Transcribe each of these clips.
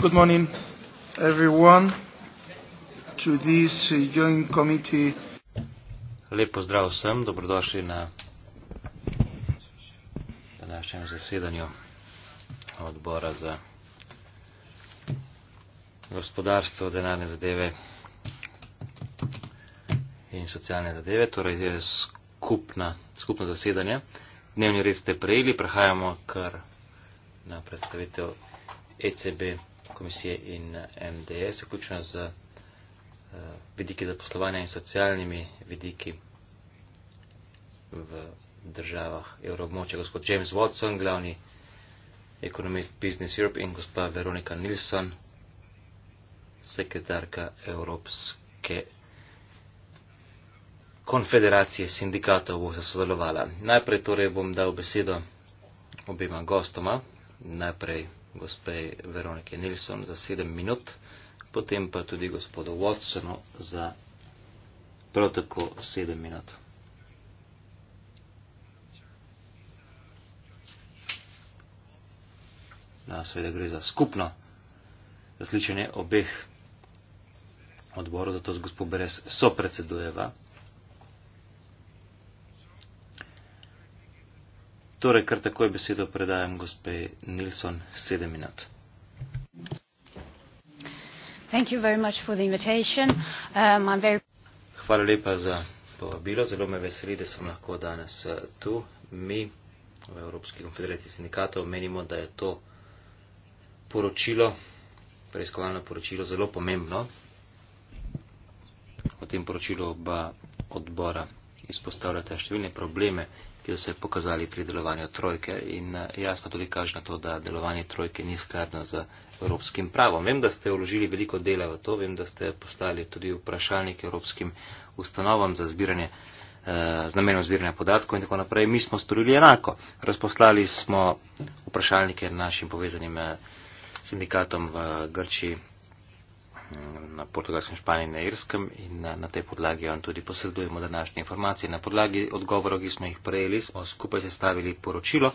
good morning, everyone, to this joint committee. Lep pozdrav vsem, dobrodošli na današnjem zasedanju odbora za gospodarstvo, denarne zadeve in socialne zadeve, torej je eh, skupna, skupno zasedanje. Dnevni red ste prejeli, prehajamo kar na predstavitev ECB komisije in eh, MDS, vključno z uh, vidiki zaposlovanja in socialnimi vidiki v državah evroobmočja. Gospod James Watson, glavni ekonomist Business Europe in gospa Veronika Nilsson, sekretarka Evropske konfederacije sindikatov, bo se sodelovala. Najprej torej bom dal besedo obima gostoma. Najprej gospe Veronike Nilsson za 7 minut, potem pa tudi gospodu Watsonu za prav tako 7 minut. Na no, sveda gre za skupno zasličanje obeh odborov, zato z gospod Beres sopredsedujeva. Torej, kar takoj besedo predajam gospe Nilsson, sedem minut. Um, Hvala lepa za povabilo. Zelo me veseli, da sem lahko danes eh, tu. Mi v Evropski konfederaciji sindikatov menimo, da je to poročilo, preiskovalno poročilo, zelo pomembno. O tem poročilu oba odbora izpostavljate številne probleme, ki so se pokazali pri delovanju trojke in eh, jasno tudi kaže na to, da delovanje trojke ni skladno z evropskim pravom. Vem, da ste vložili veliko dela v to, vem, da ste poslali tudi vprašalnik evropskim ustanovam za zbiranje, eh, z namenom zbiranja podatkov in tako naprej. Mi smo storili enako. Razposlali smo vprašalnike našim povezanim eh, sindikatom v Grčiji na portugalskem, španiji in na irskem in na, na tej podlagi vam tudi posredujemo današnje informacije. Na podlagi odgovorov, ki smo jih prejeli, smo skupaj sestavili poročilo,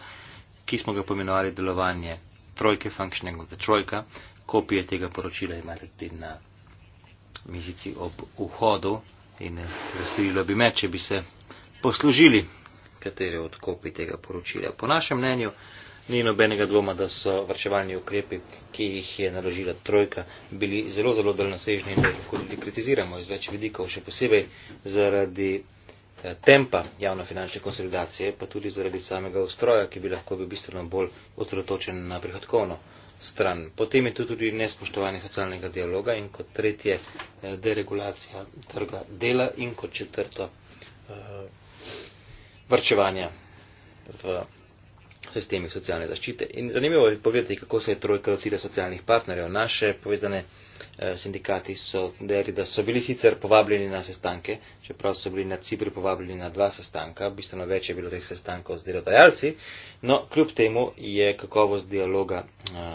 ki smo ga pomenovali delovanje trojke, functioning of the trojka. Kopije tega poročila imate tudi na mizici ob vhodu in veselilo bi me, če bi se poslužili katere od kopij tega poročila. Po našem mnenju, ni nobenega dvoma, da so vrčevalni ukrepi, ki jih je naložila trojka, bili zelo, zelo daljnosežni in da jih lahko tudi kritiziramo iz več vidikov, še posebej zaradi eh, tempa javnofinančne konsolidacije, pa tudi zaradi samega ustroja, ki bi lahko bil bistveno bolj osredotočen na prihodkovno stran. Potem je tu tudi nespoštovanje socialnega dialoga in kot tretje eh, deregulacija trga dela in kot četrto eh, vrčevanja v sistemih socialne zaščite. In zanimivo je povedati, kako se je trojka lotila socialnih partnerjev. Naše povezane eh, sindikati so dejali, da so bili sicer povabljeni na sestanke, čeprav so bili na Cipri povabljeni na dva sestanka, bistveno več je bilo teh sestankov z delodajalci, no kljub temu je kakovost dialoga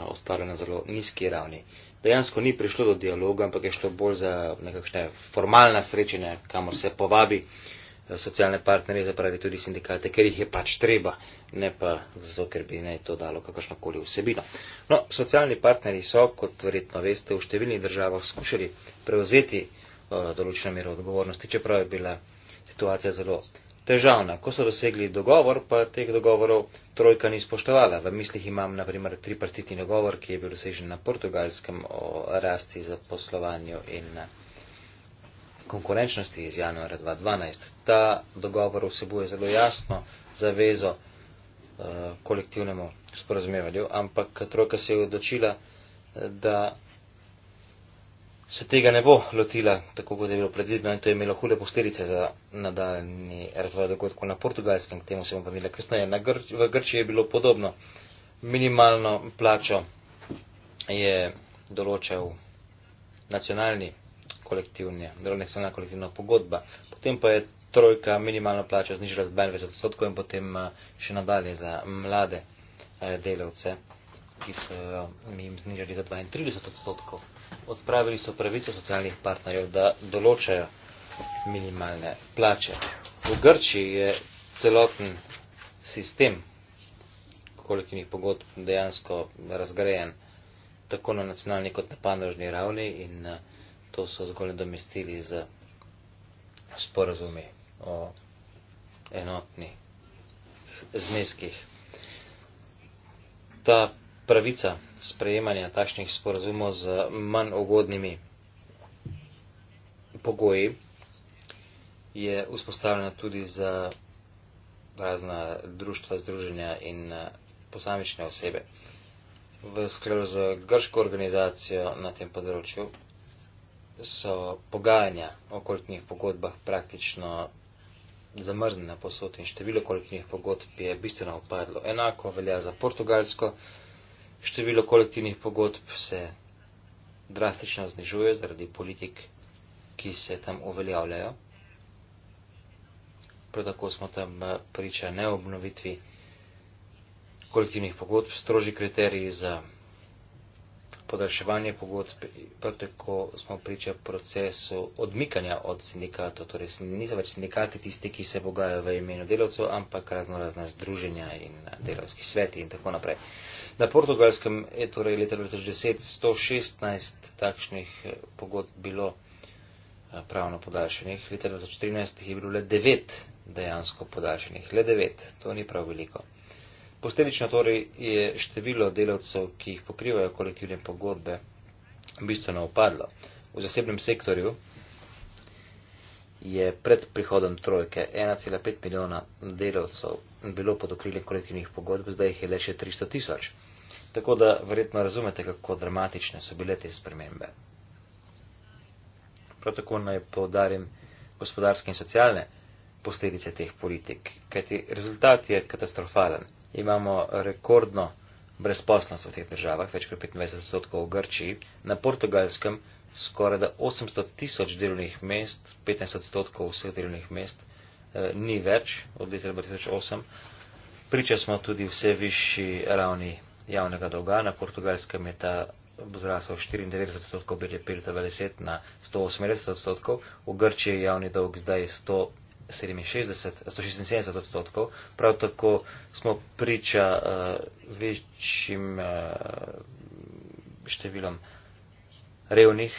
ostvarjena eh, na zelo nizki ravni. Dejansko ni prišlo do dialoga, ampak je šlo bolj za nekakšne formalna srečanja, kamor se povabi. Uh, socialne partnerje, zapravi tudi sindikate, ker jih je pač treba, ne pa zato, ker bi naj to dalo kakršnokoli vsebino. No, socialni partnerji so, kot verjetno veste, v številnih državah skušali prevzeti uh, določeno mero odgovornosti, čeprav je bila situacija zelo težavna. Ko so dosegli dogovor, pa teh dogovorov trojka ni spoštovala. V mislih imam naprimer tripartitni dogovor, ki je bil dosežen na portugalskem o rasti za poslovanju in uh, konkurenčnosti iz januarja 2012. Ta dogovor vsebuje zelo jasno zavezo uh, kolektivnemu sporozumevanju, ampak trojka se je odločila, eh, da se tega ne bo lotila tako, kot je bilo predvideno in to je imelo hude posledice za nadaljni razvoj dogodkov na portugalskem, k temu se bom vrnila kasneje. Gr v Grčiji je bilo podobno. Minimalno plačo je določal nacionalni kolektivni, delovne socialna kolektivna pogodba. Potem pa je trojka minimalno plačo znižila z 22 odstotkov in potem eh, še nadalje za mlade eh, delavce, ki so eh, jim znižali za 32 odstotkov. Odpravili so pravico socialnih partnerjev, da določajo minimalne plače. V Grči je celoten sistem kolektivnih pogodb dejansko razgrajen tako na nacionalni kot na panožni ravni in uh, to so zgolj domestili z sporazumi o enotni zneskih. Ta pravica sprejemanja takšnih sporazumov z manj ugodnimi pogoji je vzpostavljena tudi za razna društva, združenja in eh, posamične osebe. V skladu z grško organizacijo na tem področju so pogajanja o kolektivnih pogodbah praktično zamrznjena posod in število kolektivnih pogodb je bistveno upadlo. Enako velja za Portugalsko. Število kolektivnih pogodb se drastično znižuje zaradi politik, ki se tam uveljavljajo. Prav tako smo tam eh, priča neobnovitvi kolektivnih pogodb, stroži kriteriji za podaljševanje pogodb, prav tako smo priča procesu odmikanja od sindikatov, torej niso več sindikati tisti, ki se bogajo v imenu delavcev, ampak razno razna združenja in eh, delavski sveti in tako naprej. Na portugalskem je torej leta 2010 116 takšnih eh, pogodb bilo eh, pravno podaljšenih, leta 2014 je bilo le 9 dejansko podaljšenih, le 9, to ni prav veliko. Posledično torej je število delavcev, ki jih pokrivajo kolektivne pogodbe, bistveno upadlo. V zasebnem sektorju je pred prihodom trojke 1,5 milijona delavcev bilo pod okriljem kolektivnih pogodb, zdaj jih je le še 300 tisoč. Tako da verjetno razumete, kako dramatične so bile te spremembe. Prav tako naj povdarim gospodarske in socialne posledice teh politik, kajti rezultat je katastrofalen imamo rekordno brezposlost v teh državah, več kot 25 odstotkov v Grčiji, na portugalskem skoraj da 800 tisoč delovnih mest, 15 odstotkov vseh delovnih mest, eh, ni več od leta 2008. Priča smo tudi vse višji ravni javnega dolga, na portugalskem je ta zrasel 94 odstotkov BDP leta 2010 na 180 odstotkov, v Grčiji je javni dolg zdaj 100 odstotkov. 67, 166 odstotkov. Prav tako smo priča uh, večjim uh, številom revnih,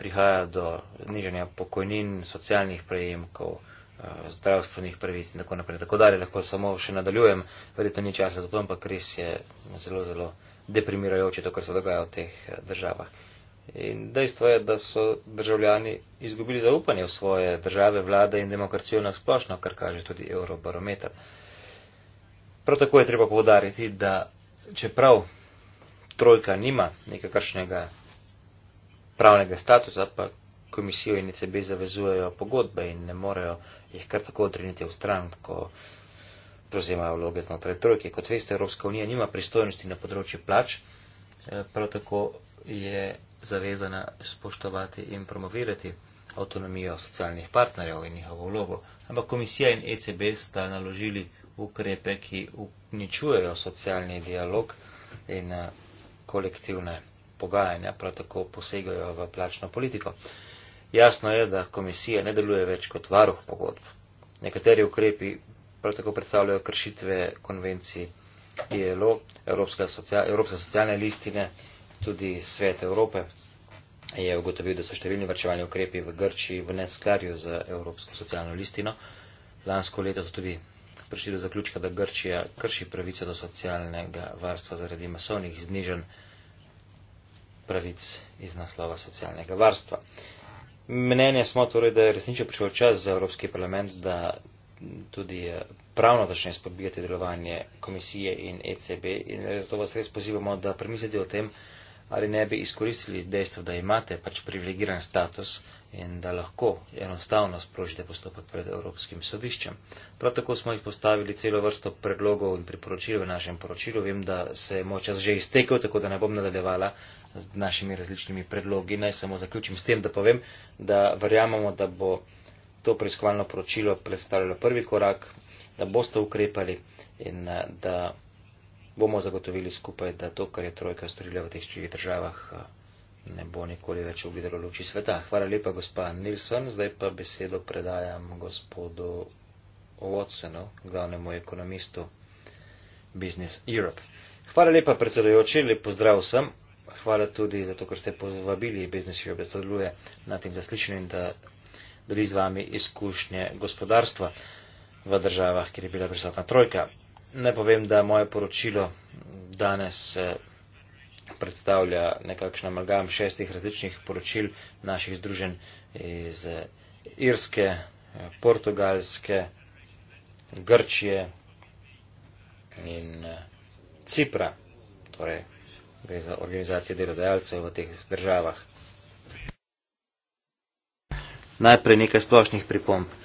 prihaja do znižanja pokojnin, socialnih prejemkov, uh, zdravstvenih pravic in tako naprej. Tako dalje lahko samo še nadaljujem, verjetno ni časa za to, ampak res je zelo, zelo deprimirajoče to, kar se dogaja v teh državah. Uh, In dejstvo je, da so državljani izgubili zaupanje v svoje države, vlade in demokracijo na splošno, kar kaže tudi eurobarometer. Prav tako je treba povdariti, da čeprav trojka nima nekakršnega pravnega statusa, pa komisijo in ECB zavezujejo pogodbe in ne morejo jih kar tako odriniti v stran, ko prevzemajo vloge znotraj trojke. Kot veste, Evropska unija nima pristojnosti na področju plač, eh, prav tako je zavezana spoštovati in promovirati avtonomijo socialnih partnerjev in njihovo vlogo. Ampak komisija in ECB sta naložili ukrepe, ki uničujejo socialni dialog in eh, kolektivne pogajanja, prav tako posegajo v plačno politiko. Jasno je, da komisija ne deluje več kot varuh pogodb. Nekateri ukrepi prav tako predstavljajo kršitve konvencij ILO, Evropske socialne listine, Tudi Svet Evrope je ugotovil, da so številni vrčevalni ukrepi v Grčiji v neskladju z Evropsko socialno listino. Lansko leto so tudi prišli do zaključka, da Grčija krši pravico do socialnega varstva zaradi masovnih znižen pravic iz naslova socialnega varstva. Mnenje smo torej, da je resnično prišel čas za Evropski parlament, da tudi eh, pravno začne spodbijati delovanje komisije in ECB in zato vas res pozivamo, da premislite o tem, ali ne bi izkoristili dejstva, da imate pač privilegiran status in da lahko enostavno sprožite postopek pred Evropskim sodiščem. Prav tako smo izpostavili celo vrsto predlogov in priporočil v našem poročilu. Vem, da se je moj čas že iztekel, tako da ne bom nadaljevala z našimi različnimi predlogi. Naj samo zaključim s tem, da povem, da verjamemo, da bo to preiskovalno poročilo predstavljalo prvi korak, da boste ukrepali in eh, da bomo zagotovili skupaj, da to, kar je trojka storila v teh štirih državah, eh, ne bo nikoli več uvidelo luči sveta. Hvala lepa, gospa Nilsson. Zdaj pa besedo predajam gospodu Watsonu, glavnemu ekonomistu Business Europe. Hvala lepa, predsedojoči, lep pozdrav vsem. Hvala tudi za to, ker ste pozvabili Business Europe, da sodeluje na tem zaslišanju in da deli z vami izkušnje gospodarstva v državah, kjer je bila prisotna trojka. Ne povem, da moje poročilo danes eh, predstavlja nekakšen amalgam šestih različnih poročil naših združenj iz eh, Irske, eh, Portugalske, Grčije in Cipra, torej gre za organizacije delodajalcev v teh državah. Najprej nekaj splošnih pripomb.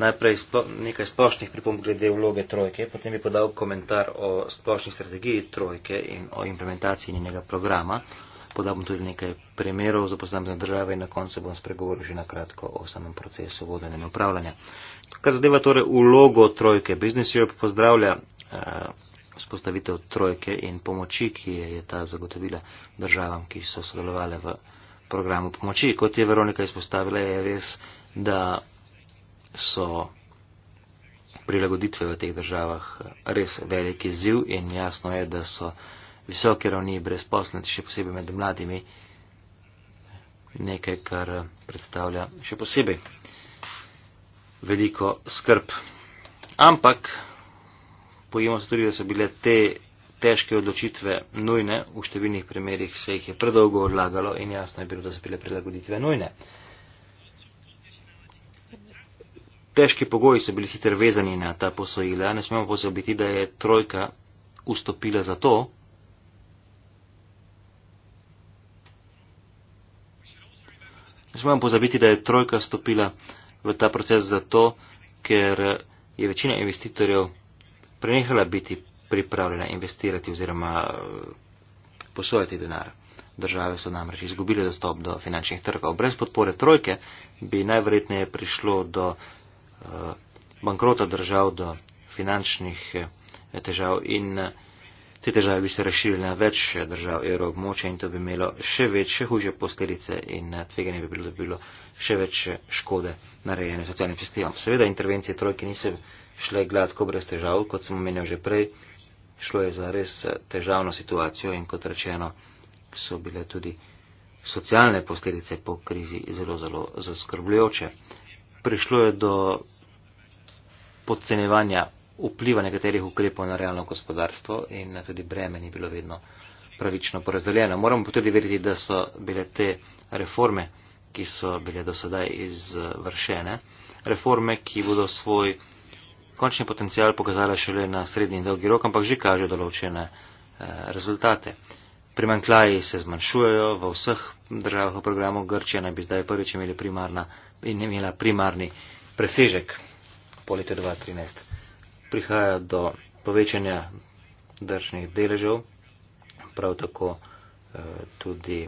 Najprej splo nekaj splošnih pripomb glede vloge trojke, potem bi podal komentar o splošni strategiji trojke in o implementaciji njenega programa. Podal bom tudi nekaj primerov za posamezne države in na koncu bom spregovoril še na kratko o samem procesu vodenja in upravljanja. Kar zadeva torej vlogo trojke, Business Europe pozdravlja eh, vzpostavitev uh, trojke in pomoči, ki je, je ta zagotovila državam, ki so sodelovali v programu pomoči. Kot je Veronika izpostavila, je res, da so prilagoditve v teh državah res veliki ziv in jasno je, da so visoke ravni brezposlenosti, še posebej med mladimi, nekaj, kar predstavlja še posebej veliko skrb. Ampak pojmo se tudi, da so bile te težke odločitve nujne, v številnih primerjih se jih je predolgo odlagalo in jasno je bilo, da so bile prilagoditve nujne. težki pogoji so bili sicer vezani na ta posojila, ne smemo pozabiti, da je trojka ustopila za to. Ne smemo pozabiti, da je trojka stopila v ta proces zato, ker je večina investitorjev prenehala biti pripravljena investirati oziroma eh, posojati denar. Države so namreč izgubile dostop do finančnih trgov. Brez podpore trojke bi najverjetneje prišlo do Eh, bankrota držav, do finančnih eh, težav in eh, te težave bi se razširile na več držav evroobmočja in to bi imelo še več, še huže posledice in tveganje bi bilo, da bi bilo še več škode narejene socialnim sistemom. Seveda intervencije trojke niso šle gladko brez težav, kot sem omenil že prej, šlo je za res težavno situacijo in kot rečeno so bile tudi socialne posledice po krizi zelo, zelo zaskrbljujoče prišlo je do podcenevanja vpliva nekaterih ukrepov na realno gospodarstvo in na tudi breme ni bilo vedno pravično porazdeljeno. Moramo pa tudi veriti, da so bile te reforme, ki so bile do sedaj izvršene, reforme, ki bodo svoj končni potencial pokazale šele na srednji in dolgi rok, ampak že kaže določene eh, rezultate. Primankljaji se zmanjšujejo v vseh državah v programu Grčija, naj bi zdaj prvič imeli primarna in imela primarni presežek po letu 2013. Prihaja do povečanja državnih deležev, prav tako eh, tudi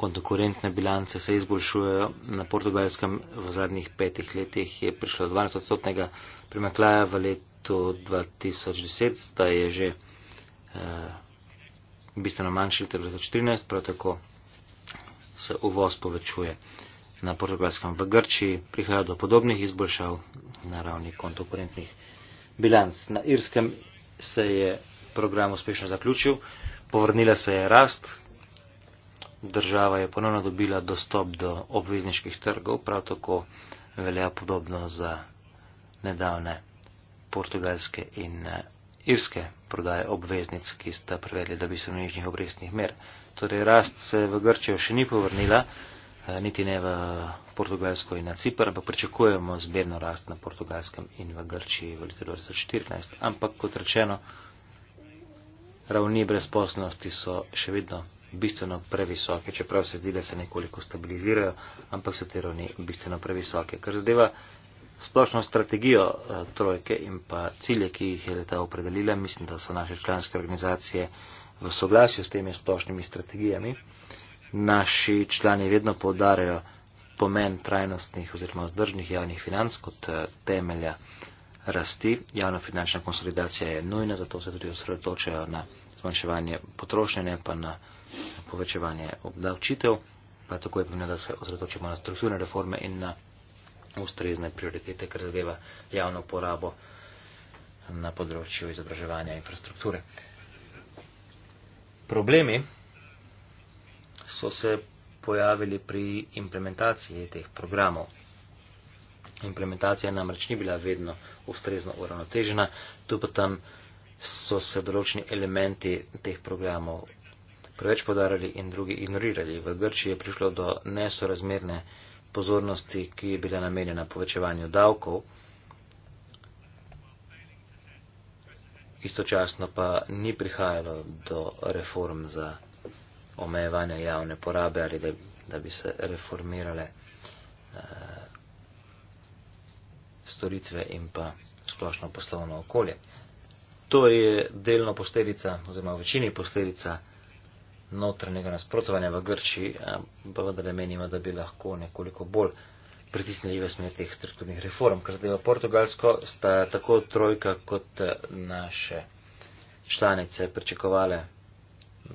konkurentne bilance se izboljšujejo. Na portugalskem v zadnjih petih letih je prišlo 12 odstotnega primankljaja v letu 2010, zdaj je že eh, bistveno manjši leta 2013, prav tako se uvoz povečuje na portugalskem v Grčiji, prihaja do podobnih izboljšav na ravni kontokurentnih bilanc. Na Irskem se je program uspešno zaključil, povrnila se je rast, država je ponovno dobila dostop do obvezniških trgov, prav tako velja podobno za nedavne portugalske in eh, irske prodaje obveznic, ki sta prevedli, da bi se nižjih obrestnih mer. Torej, rast se v Grčijo še ni povrnila, eh, niti ne v Portugalsko in na Cipr, ampak pričakujemo zmerno rast na Portugalskem in v Grčiji v letu 2014. Ampak, kot rečeno, ravni brezposlenosti so še vedno bistveno previsoke, čeprav se zdi, da se nekoliko stabilizirajo, ampak so te ravni bistveno previsoke. Kar zadeva splošno strategijo eh, trojke in pa cilje, ki jih je leta opredelila. Mislim, da so naše članske organizacije v soglasju s temi splošnimi strategijami. Naši člani vedno povdarjajo pomen trajnostnih oziroma vzdržnih javnih financ kot eh, temelja rasti. Javna finančna konsolidacija je nujna, zato se tudi osredotočajo na zmanjševanje potrošnjenja, pa na povečevanje obdavčitev, pa tako je pomembno, da se osredotočimo na strukturne reforme in na ustrezne prioritete, kar zadeva javno porabo na področju izobraževanja infrastrukture. Problemi so se pojavili pri implementaciji teh programov. Implementacija namreč ni bila vedno ustrezno uravnotežena, tu pa tam so se določeni elementi teh programov preveč podarili in drugi ignorirali. V Grčiji je prišlo do nesorazmerne pozornosti, ki je bila namenjena povečevanju davkov, istočasno pa ni prihajalo do reform za omejevanje javne porabe ali da, da bi se reformirale eh, storitve in pa splošno poslovno okolje. To je delno posledica oziroma v večini posledica notranjega nasprotovanja v Grčiji, eh, pa vendar menimo, da bi lahko nekoliko bolj pritisnili v smer teh strukturnih reform. Ker zdaj v Portugalsko sta tako trojka kot eh, naše članice pričakovale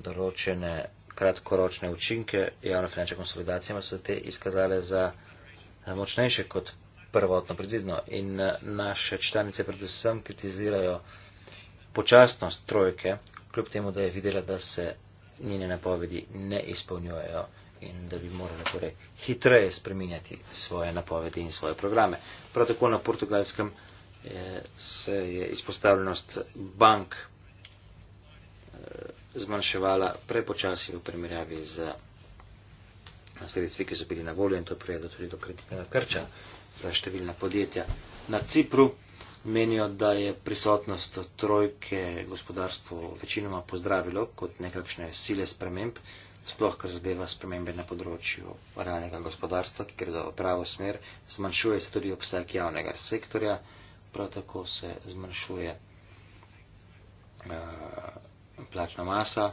določene kratkoročne učinke, javno finančne konsolidacije pa so te izkazale za eh, močnejše kot prvotno predvidno. In naše članice predvsem kritizirajo počasnost trojke, kljub temu, da je videla, da se njene napovedi ne izpolnjujejo in da bi morala torej hitreje spreminjati svoje napovedi in svoje programe. Prav tako na portugalskem eh, se je izpostavljenost bank eh, zmanjševala prepočasi v primerjavi z eh, sredstvi, ki so bili na voljo in to je prijedlo tudi do kreditnega krča za številna podjetja. Na Cipru menijo, da je prisotnost trojke gospodarstvo večinoma pozdravilo kot nekakšne sile sprememb, sploh kar zadeva spremembe na področju realnega gospodarstva, ki gredo v pravo smer, zmanjšuje se tudi obseg javnega sektorja, prav tako se zmanjšuje uh, plačna masa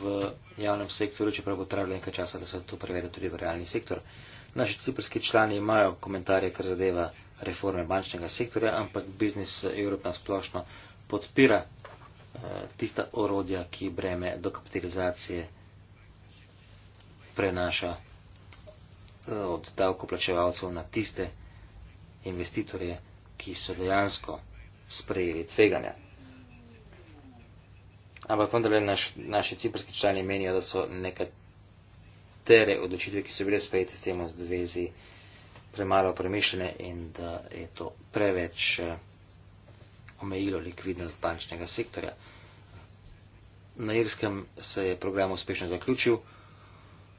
v javnem sektorju, čeprav bo trebalo nekaj časa, da se to prevede tudi v realni sektor. Naši ciprski člani imajo komentarje, kar zadeva reforme bančnega sektorja, ampak biznis Evrope na splošno podpira eh, tista orodja, ki breme dokapitalizacije prenaša eh, od davkoplačevalcev na tiste investitorje, ki so dejansko sprejeli tveganja. Ampak vendarle naš, naši ciprski člani menijo, da so nekatere odločitve, ki so bile sprejete s tem v zvezi, premalo premišljene in da je to preveč eh, omejilo likvidnost bančnega sektorja. Na Irskem se je program uspešno zaključil,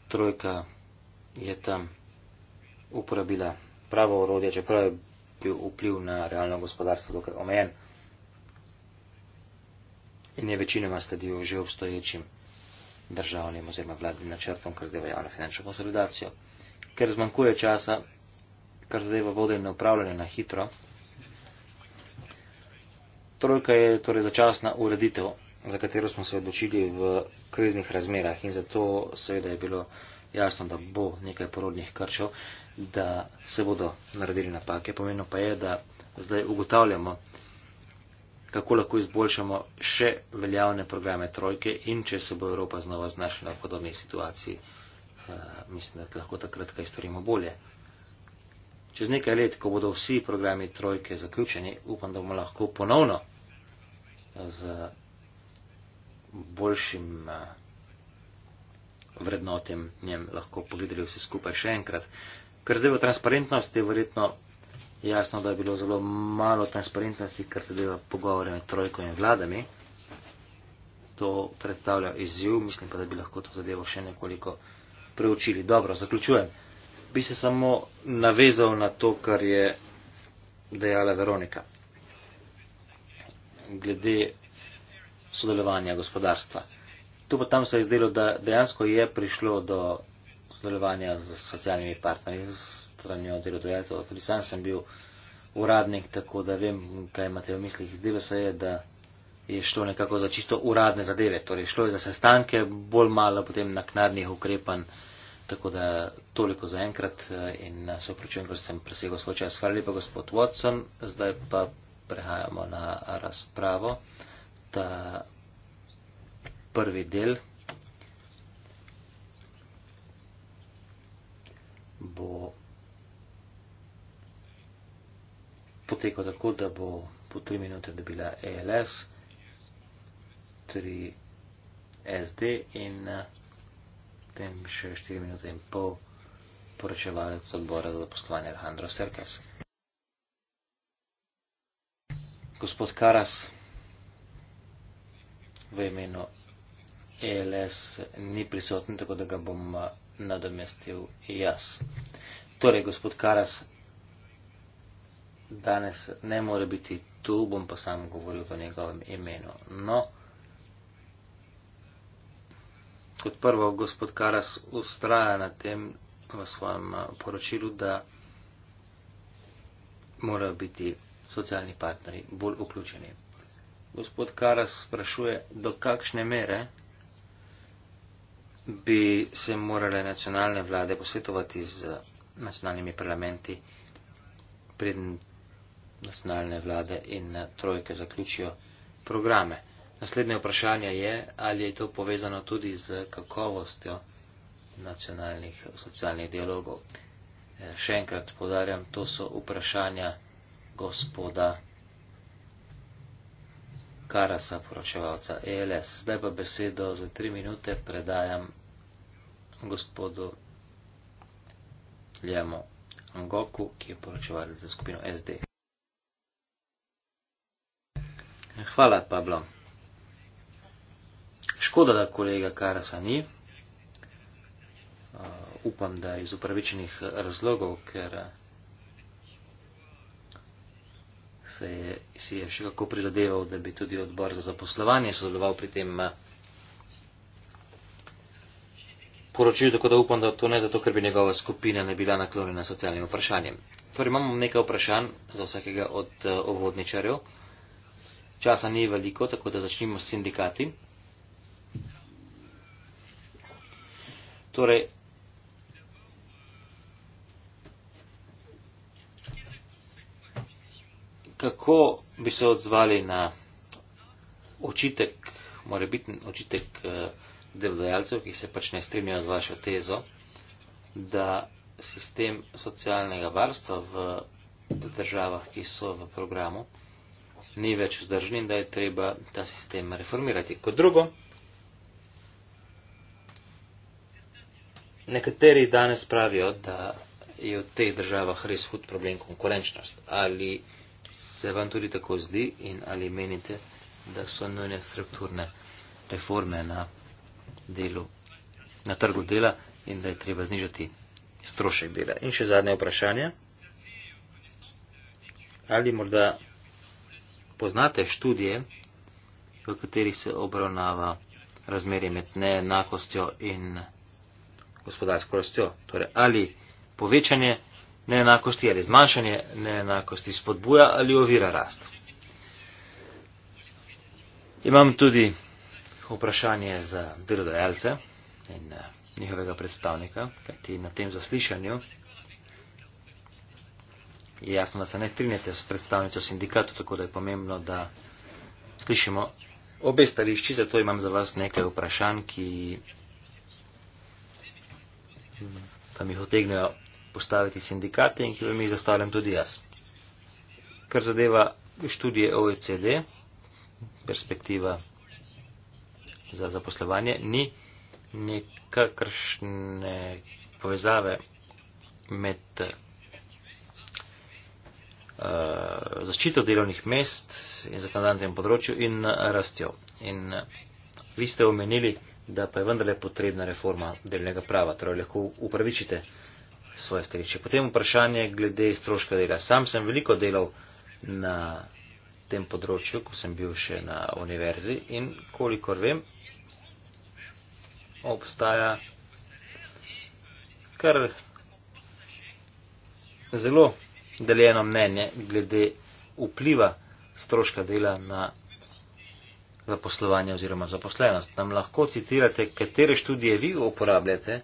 trojka je tam uporabila pravo orodje, čeprav je bil vpliv na realno gospodarstvo dokaj omejen in je večinoma sledil že obstoječim državnim oziroma vladnim načrtom, kar zdaj v javno finančno konsolidacijo. Ker zmanjkuje časa, kar zadeva vodenje upravljanja na hitro. Trojka je torej začasna ureditev, za katero smo se odločili v kriznih razmerah in zato seveda je bilo jasno, da bo nekaj porodnih krčev, da se bodo naredili napake. Pomembno pa je, da zdaj ugotavljamo, kako lahko izboljšamo še veljavne programe trojke in če se bo Evropa znova znašla v podobni situaciji, eh, mislim, da lahko takrat kaj storimo bolje čez nekaj let, ko bodo vsi programi trojke zaključeni, upam, da bomo lahko ponovno z boljšim eh, vrednotem njem lahko pogledali vse skupaj še enkrat. Ker zdaj v transparentnosti je verjetno jasno, da je bilo zelo malo transparentnosti, kar se deva pogovore med trojko in vladami. To predstavlja izziv, mislim pa, da bi lahko to zadevo še nekoliko preučili. Dobro, zaključujem bi se samo navezal na to, kar je dejala Veronika glede sodelovanja gospodarstva. Tu pa tam se je zdelo, da dejansko je prišlo do sodelovanja z socialnimi partnerji, z stranjo delodajalcev. Tudi sam sem bil uradnik, tako da vem, kaj imate v mislih. Zdelo se je, da je šlo nekako za čisto uradne zadeve. Torej, šlo je za sestanke, bolj malo potem naknadnih ukrepanj. Tako da toliko za enkrat eh, in eh, se opračujem, ker sem presegel svoj čas. Hvala lepa, gospod Watson. Zdaj pa prehajamo na razpravo. Ta prvi del bo potekal tako, da bo po tri minute dobila ALS, tri SD in eh, potem še 4 minute in pol poročevalec odbora za poslovanje Alejandro Serkas. Gospod Karas, v imenu ELS ni prisoten, tako da ga bom eh, nadomestil jaz. Torej, gospod Karas, danes ne more biti tu, bom pa sam govoril v njegovem imenu. No, kot prvo, gospod Karas ustraja na tem v svojem eh, poročilu, da morajo biti socialni partnerji bolj vključeni. Gospod Karas sprašuje, do kakšne mere bi se morale nacionalne vlade posvetovati z nacionalnimi parlamenti, preden nacionalne vlade in eh, trojke zaključijo programe. Naslednje vprašanje je, ali je to povezano tudi z kakovostjo nacionalnih socialnih dialogov. E, še enkrat podarjam, to so vprašanja gospoda Karasa, poročevalca ELS. Zdaj pa besedo za tri minute predajam gospodu Ljemu Ngoku, ki je poročevalec za skupino SD. Hvala, Pablo. Škoda, da kolega Karasa ni. Uh, upam, da iz upravičenih razlogov, ker se je, si je še kako prizadeval, da bi tudi odbor za zaposlovanje sodeloval pri tem uh, poročilu, tako da upam, da to ne zato, ker bi njegova skupina ne bila naklonjena socialnim vprašanjem. Torej imamo nekaj vprašanj za vsakega od uh, ovodničarjev. Časa ni veliko, tako da začnimo s sindikati. Torej, kako bi se odzvali na očitek, morebitni očitek eh, delodajalcev, ki se pač ne strinjajo z vašo tezo, da sistem socialnega varstva v državah, ki so v programu, ni več vzdržen in da je treba ta sistem reformirati. Kot drugo, Nekateri danes pravijo, da je v teh državah res hud problem konkurenčnost. Ali se vam tudi tako zdi in ali menite, da so nujne strukturne reforme na, delu, na trgu dela in da je treba znižati strošek dela. In še zadnje vprašanje. Ali morda poznate študije, v katerih se obravnava razmerje med neenakostjo in gospodarsko rastjo. Torej, ali povečanje neenakosti ali zmanjšanje neenakosti spodbuja ali ovira rast. Imam tudi vprašanje za delodajalce in eh, njihovega predstavnika, kajti na tem zaslišanju je jasno, da se ne strinjate s predstavnico sindikatu, tako da je pomembno, da slišimo obe stališči, zato imam za vas nekaj vprašanj, ki in da mi jih otegnejo postaviti sindikate in ki vam jih zastavljam tudi jaz. Kar zadeva študije OECD, perspektiva za zaposlovanje, ni nekakršne povezave med uh, zaščito delovnih mest in zakonodajnem področju in eh, rastjo. In uh, vi ste omenili, da pa je vendarle potrebna reforma delnega prava, torej lahko upravičite svoje stališče. Potem vprašanje glede stroška dela. Sam sem veliko delal na tem področju, ko sem bil še na univerzi in kolikor vem, obstaja kar zelo deljeno mnenje glede vpliva stroška dela na zaposlovanje oziroma zaposlenost. Nam lahko citirate, katere študije vi uporabljate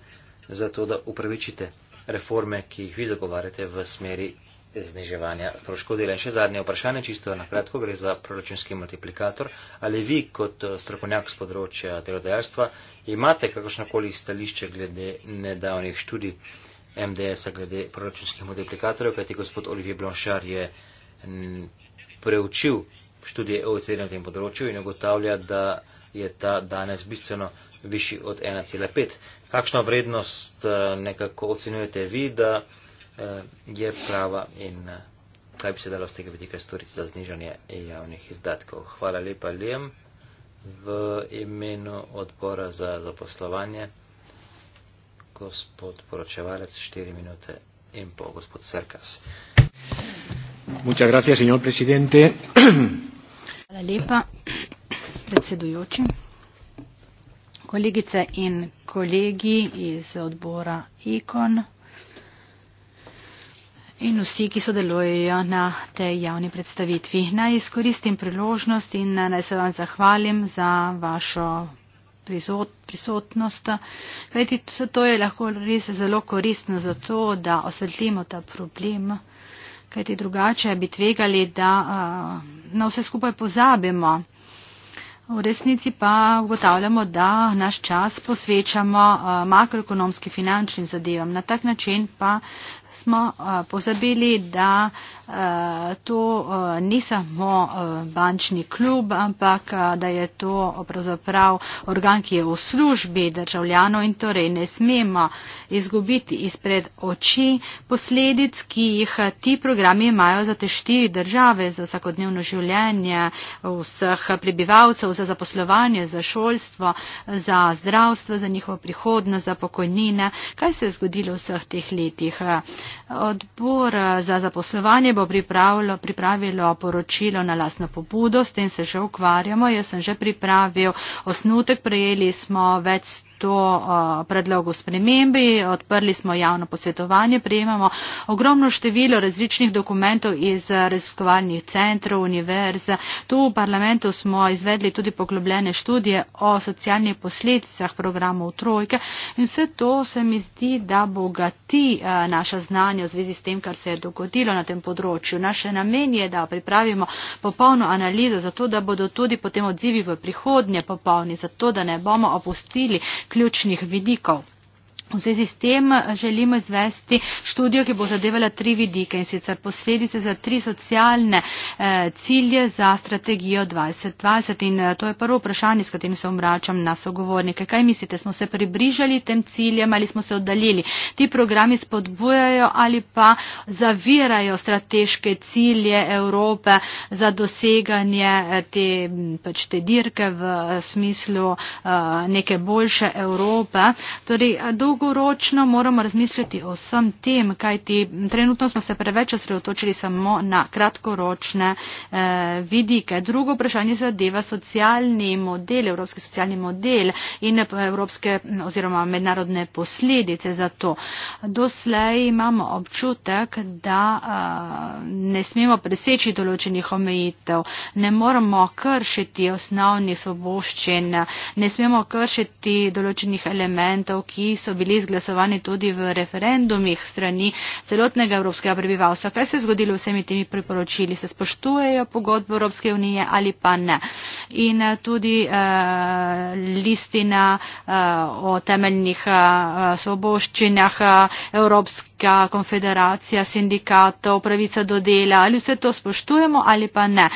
za to, da upravičite reforme, ki jih vi zagovarjate v smeri zniževanja stroškov dela. In še zadnje vprašanje, čisto na kratko, gre za proračunski multiplikator. Ali vi kot eh, strokovnjak z področja delodajstva imate kakršnakoli stališče glede nedavnih študij MDS-a glede proračunskih multiplikatorjev, kajti gospod Olivier Blanchard je preučil študije OECD na tem področju in ugotavlja, da je ta danes bistveno višji od 1,5. Kakšno vrednost eh, nekako ocenjujete vi, da eh, je prava in eh, kaj bi se dalo z tega vidika storiti za znižanje javnih izdatkov? Hvala lepa, Liam, v imenu odbora za zaposlovanje. Gospod poročevalec, 4 minute in pol, gospod Serkas. Muchas gracias, señor presidente. Hvala lepa, predsedujoči. Kolegice in kolegi iz odbora IKON in vsi, ki sodelujejo na tej javni predstavitvi. Naj izkoristim priložnost in naj se vam zahvalim za vašo prisotnost. Kajti, to je lahko res zelo koristno za to, da osvetlimo ta problem kajti drugače bi tvegali, da uh, na vse skupaj pozabimo. V resnici pa ugotavljamo, da naš čas posvečamo uh, makroekonomski finančnim zadevam. Na tak način pa smo eh, pozabili, da eh, to eh, ni samo bančni klub, ampak da je to pravzaprav organ, ki je v službi državljanov in torej ne smemo izgubiti izpred oči posledic, ki jih ti programi imajo za te štiri države, za vsakodnevno življenje vseh prebivalcev, za zaposlovanje, za šolstvo, za zdravstvo, za njihovo prihodnost, za pokojnine. Kaj se je zgodilo v vseh teh letih? Odbor eh, za zaposlovanje bo pripravilo poročilo na lasno pobudo, s tem se že ukvarjamo. Jaz sem že pripravil osnutek, prejeli smo več to uh, predlogu spremembi. Odprli smo javno posvetovanje, prejemamo ogromno število različnih dokumentov iz raziskovalnih centrov, univerz. Tu v parlamentu smo izvedli tudi poglobljene študije o socialnih posledicah programov trojke in vse to se mi zdi, da bogati uh, naša znanja v zvezi s tem, kar se je dogodilo na tem področju. Naše namen je, da pripravimo popolno analizo, zato da bodo tudi potem odzivi v prihodnje popolni, zato da ne bomo opustili ključnih vidikov. V zvezi s tem eh, želimo izvesti študijo, ki bo zadevala tri vidike in sicer posledice za tri socialne eh, cilje za strategijo 2020. In eh, to je prvo vprašanje, s katerim se omračam na sogovornike. Kaj mislite, smo se približali tem ciljem ali smo se oddaljili? Ti programi spodbujajo ali pa zavirajo strateške cilje Evrope za doseganje te, pač te dirke v smislu neke boljše Evrope. Torej, dolgoročno moramo razmisliti o vsem tem, kajti trenutno smo se preveč osredotočili samo na kratkoročne e, vidike. Drugo vprašanje zadeva socialni model, evropski socialni model in eh, evropske oziroma mednarodne posledice za to. Doslej imamo občutek, da e, ne smemo preseči določenih omejitev, ne moramo kršiti osnovnih svoboščin, ne smemo kršiti določenih elementov, ki so bili bili izglasovani tudi v referendumih strani celotnega evropskega prebivalstva. Kaj se je zgodilo z vsemi temi priporočili? Se spoštujejo pogodbe Evropske unije ali pa ne? In eh, tudi eh, listina eh, o temeljnih eh, svoboščinah eh, evropskih politika, konfederacija, sindikatov, pravica do dela, ali vse to spoštujemo ali pa ne.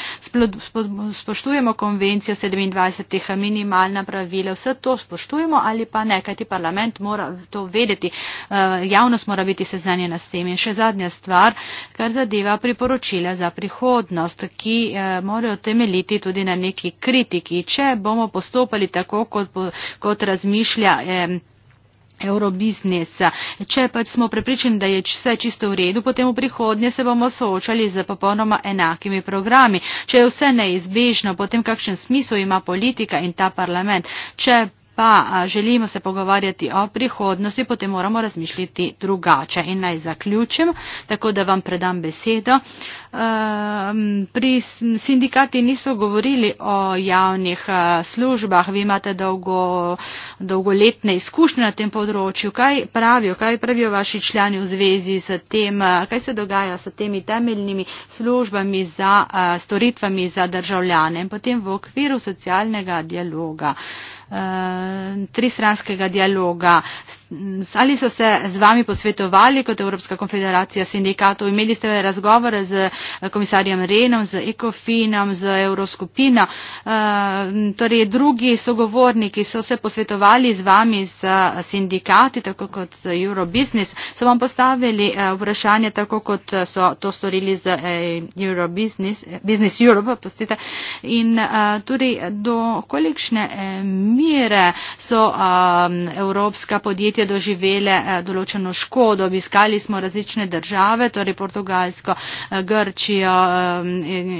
Spoštujemo konvencijo 27. minimalna pravila, vse to spoštujemo ali pa ne, kajti parlament mora to vedeti, eh, javnost mora biti seznanjena s tem. In še zadnja stvar, kar zadeva priporočila za prihodnost, ki eh, morajo temeljiti tudi na neki kritiki. Če bomo postopali tako, kot, kot razmišlja. Eh, eurobiznisa. Če pač smo prepričani, da je vse čisto v redu, potem v prihodnje se bomo soočali z popolnoma enakimi programi. Če je vse neizbežno, potem kakšen smisel ima politika in ta parlament. Če pa želimo se pogovarjati o prihodnosti, potem moramo razmišljati drugače. In naj zaključim, tako da vam predam besedo. Uh, Ehm, pri sindikati niso govorili o javnih eh, službah, vi imate dolgo, dolgoletne izkušnje na tem področju. Kaj pravijo, kaj pravijo vaši člani v zvezi s tem, kaj se dogaja s temi temeljnimi službami za eh, storitvami za državljane in potem v okviru socialnega dialoga? Eh, tristranskega dialoga. Ali so se z vami posvetovali kot Evropska konfederacija sindikatov? Imeli ste razgovore z komisarjem Renom, z Ekofinom, z Euroskupino. Eh, torej, drugi sogovorniki so se posvetovali z vami, z eh, sindikati, tako kot z Eurobusiness, so vam postavili eh, vprašanje, tako kot so to storili z Eurobusiness, Europe, postite. In torej, do kolikšne mire so evropska podjetja doživele določeno škodo. Obiskali smo različne države, torej Portugalsko, Grčijo, Grčijo,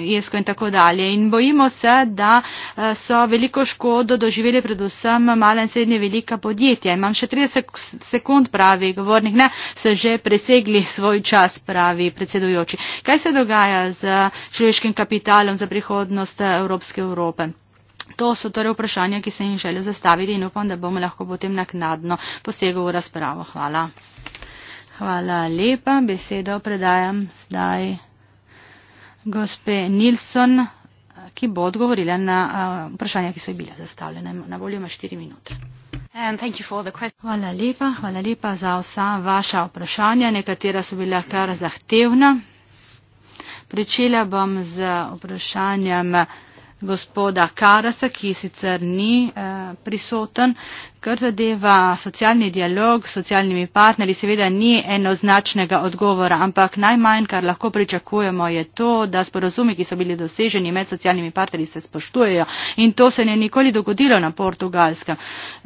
Jesko in tako dalje. In bojimo se, da eh, so veliko škodo doživeli predvsem mala in srednje velika podjetja. Imam še 30 sekund, pravi govornik, ne, se že presegli svoj čas, pravi predsedujoči. Kaj se dogaja z človeškim kapitalom za prihodnost eh, Evropske Evrope? To so torej vprašanja, ki sem jim želel zastaviti in upam, da bomo lahko potem naknadno posegel v razpravo. Hvala. Hvala lepa. Besedo predajam zdaj gospe Nilsson, ki bo odgovorila na eh, vprašanja, ki so ji bila zastavljena. Na voljo ima 4 minute. Hvala lepa, hvala lepa za vsa vaša vprašanja. Nekatera so bila kar zahtevna. Pričela bom z vprašanjem gospoda Karasa, ki sicer ni eh, prisoten, Kar zadeva socialni dialog s socialnimi partnerji, seveda ni enoznačnega odgovora, ampak najmanj, kar lahko pričakujemo, je to, da sporozumi, ki so bili doseženi med socialnimi partnerji, se spoštujejo. In to se ne nikoli dogodilo na Portugalskem.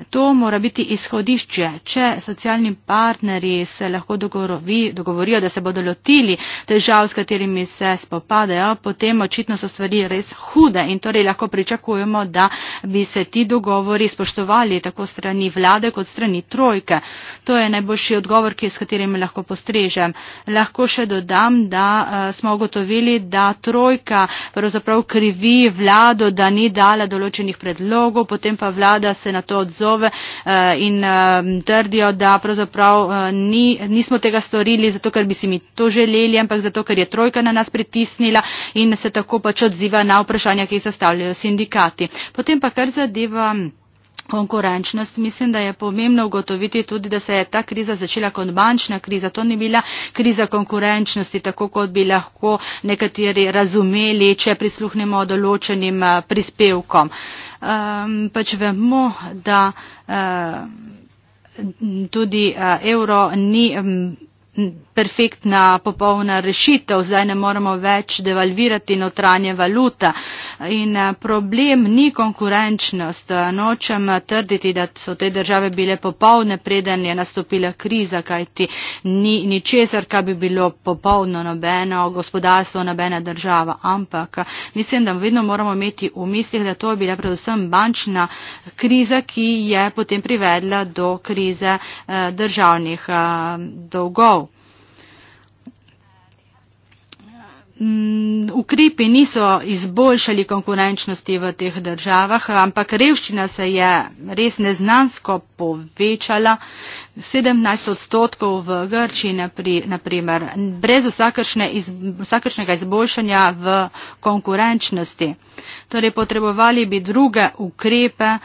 To mora biti izhodišče. Če socialni partnerji se lahko dogorovi, dogovorijo, da se bodo lotili težav, s katerimi se spopadajo, potem očitno so stvari res hude in torej lahko pričakujemo, da bi se ti dogovori spoštovali tako strani strani vlade kot strani trojke. To je najboljši odgovor, ki, s katerim lahko postrežem. Lahko še dodam, da uh, smo ugotovili, da trojka pravzaprav krivi vlado, da ni dala določenih predlogov, potem pa vlada se na to odzove uh, in uh, trdijo, da pravzaprav uh, ni, nismo tega storili zato, ker bi si mi to želeli, ampak zato, ker je trojka na nas pritisnila in se tako pač odziva na vprašanja, ki jih zastavljajo sindikati. Potem pa kar zadeva konkurenčnost. Mislim, da je pomembno ugotoviti tudi, da se je ta kriza začela kot bančna kriza. To ni bila kriza konkurenčnosti, tako kot bi lahko nekateri razumeli, če prisluhnemo določenim eh, prispevkom. Um, pač vemo, da uh, tudi uh, evro ni. Um, perfektna, popolna rešitev, zdaj ne moramo več devalvirati notranje valuta. In eh, problem ni konkurenčnost. Nočem trditi, da so te države bile popolne, preden je nastopila kriza, kajti ni ničesar, kar bi bilo popolno nobeno gospodarstvo, nobena država. Ampak eh, mislim, da vedno moramo imeti v mislih, da to je bila predvsem bančna kriza, ki je potem privedla do krize eh, državnih dolgov. Mm, ukrepi niso izboljšali konkurenčnosti v teh državah, ampak revščina se je res neznansko povečala 17 odstotkov v Grčiji, naprimer, brez vsakršnega izboljšanja v konkurenčnosti. Torej, potrebovali bi druge ukrepe,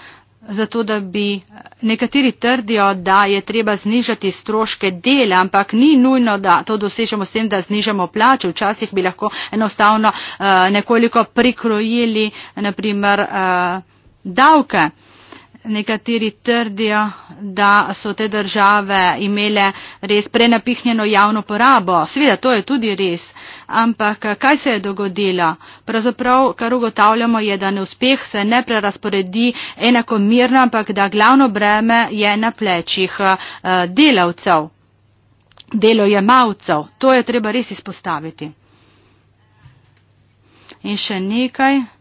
zato da bi nekateri trdijo, da je treba znižati stroške dela, ampak ni nujno, da to dosežemo s tem, da znižamo plače. Včasih bi lahko enostavno uh, nekoliko prikrojili, naprimer, uh, eh, davke. Uh, nekateri trdijo, da so te države imele res prenapihnjeno javno porabo. Seveda, to je tudi res. Ampak kaj se je dogodilo? Pravzaprav, kar ugotavljamo, je, da neuspeh se ne prerasporedi enakomirno, ampak da glavno breme je na plečih eh, delavcev, delojemalcev. To je treba res izpostaviti. In še nekaj.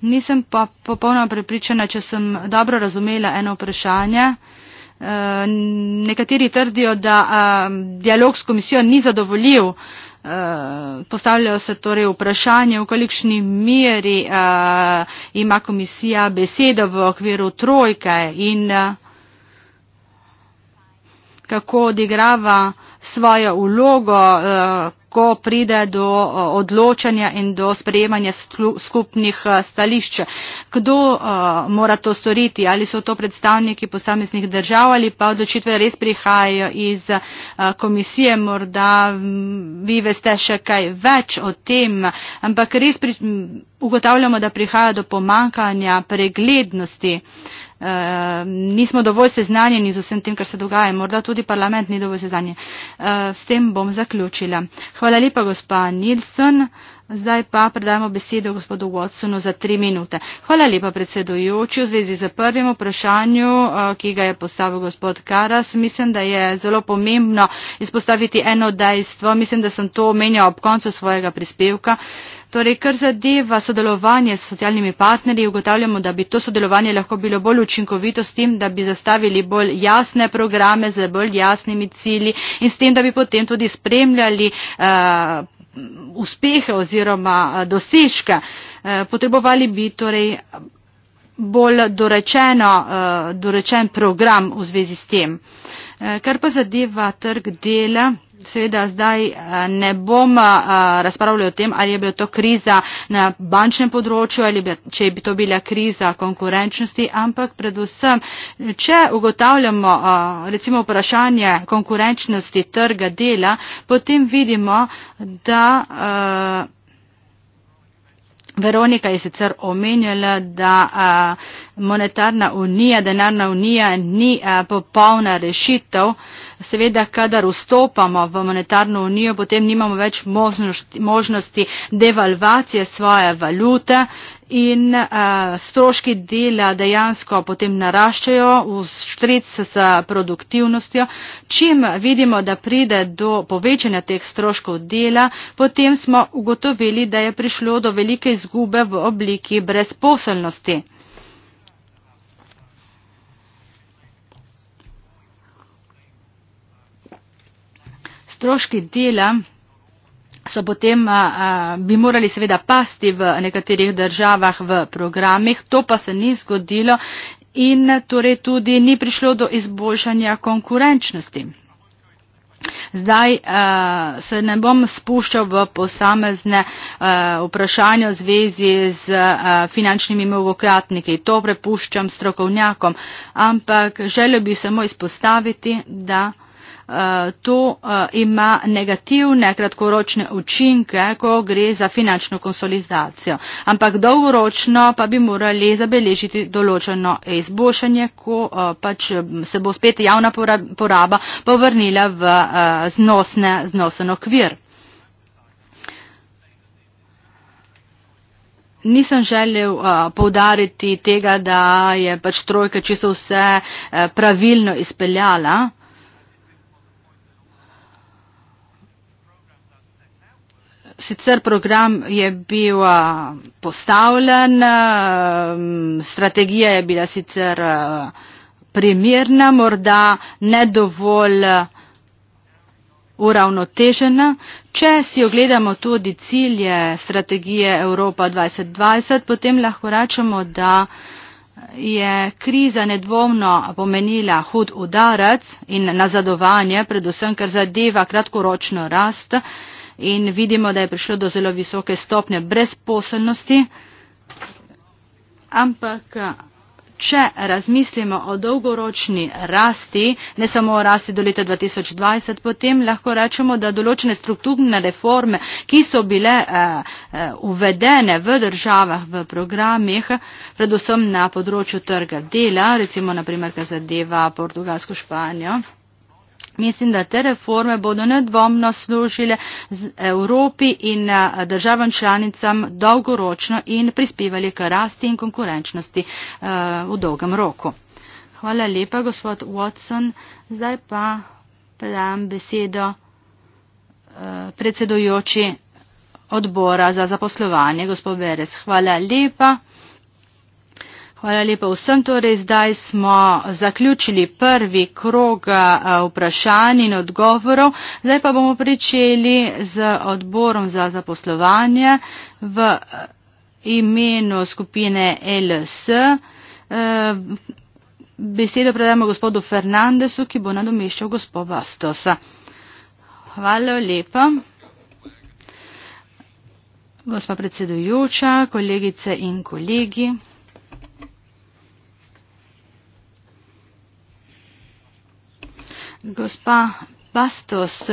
Nisem pa popolnoma prepričana, če sem dobro razumela eno vprašanje. Eh, nekateri trdijo, da eh, dialog s komisijo ni zadovoljiv. Eh, postavljajo se torej vprašanje, v kolikšni meri ima komisija besedo v okviru trojke in kako odigrava svojo ulogo, ko pride do odločanja in do sprejemanja skupnih eh, stališč. Kdo eh, mora to storiti? Ali so to predstavniki posameznih držav ali pa odločitve res prihajajo iz eh, komisije? Morda mm, vi veste še kaj več o tem, ampak res pri, ugotavljamo, da prihaja do pomankanja preglednosti nismo dovolj seznanjeni z vsem tem, kar se dogaja. Morda tudi parlament ni dovolj seznanjen. S tem bom zaključila. Hvala lepa, gospa Nilsson. Zdaj pa predajamo besedo gospodu Watsonu za tri minute. Hvala lepa, predsedujoči, v zvezi z prvim vprašanju, eh, ki ga je postavil gospod Karas. Mislim, da je zelo pomembno izpostaviti eno dejstvo. Mislim, da sem to omenjal ob koncu svojega prispevka. Uh, Torej, kar zadeva sodelovanje s socialnimi partnerji, ugotavljamo, da bi to sodelovanje lahko bilo bolj učinkovito s tem, da bi zastavili bolj jasne programe z bolj jasnimi cilji in s tem, da bi potem tudi spremljali uh, uspehe oziroma eh, dosežke. Eh, potrebovali bi torej bolj dorečeno, dorečen program v zvezi s tem. Kar pa zadeva trg dela. Seveda zdaj eh, ne bom eh, razpravljal o tem, ali je bila to kriza na bančnem področju ali bi, če bi to bila kriza konkurenčnosti, ampak predvsem, če ugotavljamo eh, recimo vprašanje konkurenčnosti trga dela, potem vidimo, da. Veronika je sicer omenjala, da a, monetarna unija, denarna unija ni a, popolna rešitev. Seveda, kadar vstopamo v monetarno unijo, potem nimamo več možnosti, možnosti devalvacije svoje valute in uh, stroški dela dejansko potem naraščajo v štric s produktivnostjo. Čim vidimo, da pride do povečanja teh stroškov dela, potem smo ugotovili, da je prišlo do velike izgube v obliki brezposelnosti. Stroški dela so potem a, a, bi morali seveda pasti v nekaterih državah v programih, to pa se ni zgodilo in torej tudi ni prišlo do izboljšanja konkurenčnosti. Zdaj uh, se ne bom spuščal v posamezne uh, vprašanja v zvezi z uh, finančnimi mogokratniki, to prepuščam strokovnjakom, ampak želel bi samo izpostaviti, da. Eh, to eh, ima negativne kratkoročne učinke, ko gre za finančno konsolidacijo. Ampak dolgoročno pa bi morali zabeležiti določeno izboljšanje, ko eh, pač se bo spet javna poraba povrnila v znosne, znosen okvir. Nisem želel uh, poudariti tega, da je pač trojka čisto vse uh, pravilno izpeljala. sicer program je bil postavljen, strategija je bila sicer primirna, morda ne dovolj uravnotežena. Če si ogledamo tudi cilje strategije Evropa 2020, potem lahko rečemo, da je kriza nedvomno pomenila hud udarec in nazadovanje, predvsem kar zadeva kratkoročno rast in vidimo, da je prišlo do zelo visoke stopnje brezposelnosti. Ampak, če razmislimo o dolgoročni rasti, ne samo o rasti do leta 2020, potem lahko rečemo, da določene strukturne reforme, ki so bile uh, uh, uvedene v državah, v programih, predvsem na področju trga dela, recimo naprimer, kar zadeva Portugalsko Španijo, Mislim, da te reforme bodo nedvomno služile Evropi in eh, državam članicam dolgoročno in prispevali k rasti in konkurenčnosti eh, v dolgem roku. Hvala lepa, gospod Watson. Zdaj pa predam besedo eh, predsedujoči odbora za zaposlovanje, gospod Beres. Hvala lepa. Hvala lepa vsem. Torej, zdaj smo zaključili prvi krog eh, vprašanj in odgovorov. Zdaj pa bomo pričeli z odborom za zaposlovanje v eh, imenu skupine LS. Eh, besedo predajmo gospodu Fernandesu, ki bo nadomeščal gospod Bastosa. Hvala lepa. Gospa predsedujoča, kolegice in kolegi. Gospa Bastos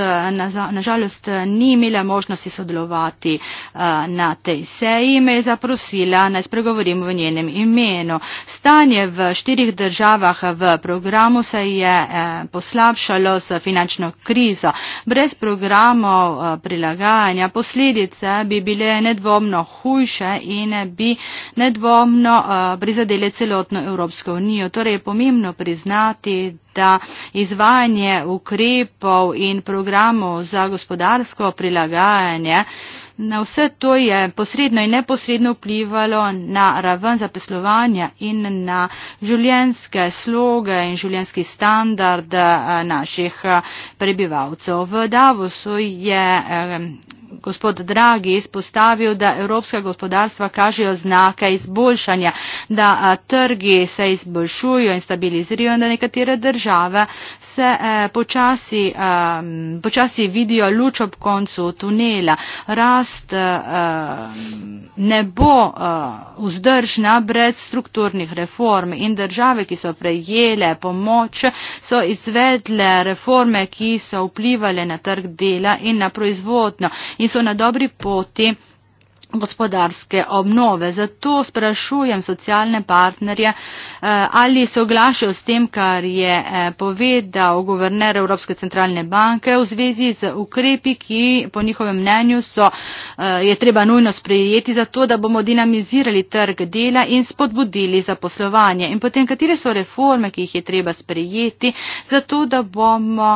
nažalost ni imela možnosti sodelovati eh, na tej seji, me je zaprosila, naj spregovorim v njenem imenu. Stanje v štirih državah v programu se je eh, poslabšalo z finančno krizo. Brez programov eh, prilagajanja posledice bi bile nedvomno hujše in bi nedvomno prizadele celotno Evropsko unijo. Torej je pomembno priznati, da izvajanje ukrepov in programov za gospodarsko prilagajanje. Na vse to je posredno in neposredno vplivalo na raven zaposlovanja in na življenske sloge in življenski standard eh, naših eh, prebivalcev. V Davosu je eh, gospod Dragi izpostavil, da evropska gospodarstva kažejo znake izboljšanja, da trgi se izboljšujo in stabilizirajo in da nekatere države se e, počasi, e, počasi vidijo luč ob koncu tunela. Rast e, ne bo vzdržna brez strukturnih reform in države, ki so prejele pomoč, so izvedle reforme, ki so vplivali na trg dela in na proizvodno in so na dobri poti gospodarske obnove. Zato sprašujem socialne partnerje, eh, ali se oglašajo s tem, kar je eh, povedal guverner Evropske centralne banke v zvezi z ukrepi, ki po njihovem mnenju so, eh, je treba nujno sprejeti, zato da bomo dinamizirali trg dela in spodbudili zaposlovanje. In potem, katere so reforme, ki jih je treba sprejeti, zato da bomo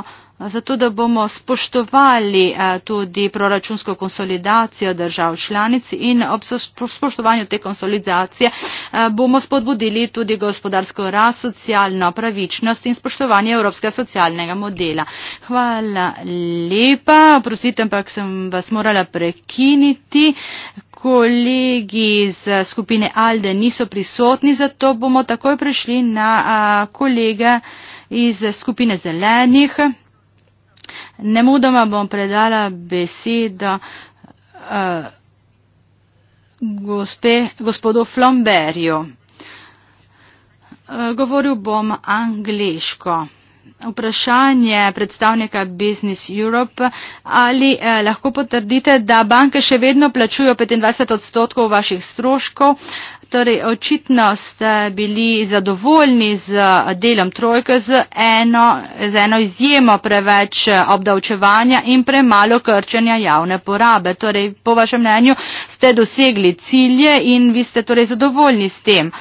zato da bomo spoštovali eh, tudi proračunsko konsolidacijo držav članic in ob spoštovanju te konsolidacije eh, bomo spodbudili tudi gospodarsko rast, socialno pravičnost in spoštovanje evropskega socialnega modela. Hvala lepa, prosite, ampak sem vas morala prekiniti. Kolegi iz eh, skupine Alde niso prisotni, zato bomo takoj prišli na kolega iz skupine zelenih. Nemudoma bom predala besedo uh, eh, gospe, gospodu Flomberju. Eh, govoril bom angliško. Vprašanje predstavnika Business Europe, ali eh, lahko potrdite, da banke še vedno plačujo 25 odstotkov vaših stroškov, torej očitno ste bili zadovoljni z eh, delom trojke z eno, z eno izjemo preveč eh, obdavčevanja in premalo krčenja javne porabe. Torej, po vašem mnenju ste dosegli cilje in vi ste torej zadovoljni s tem.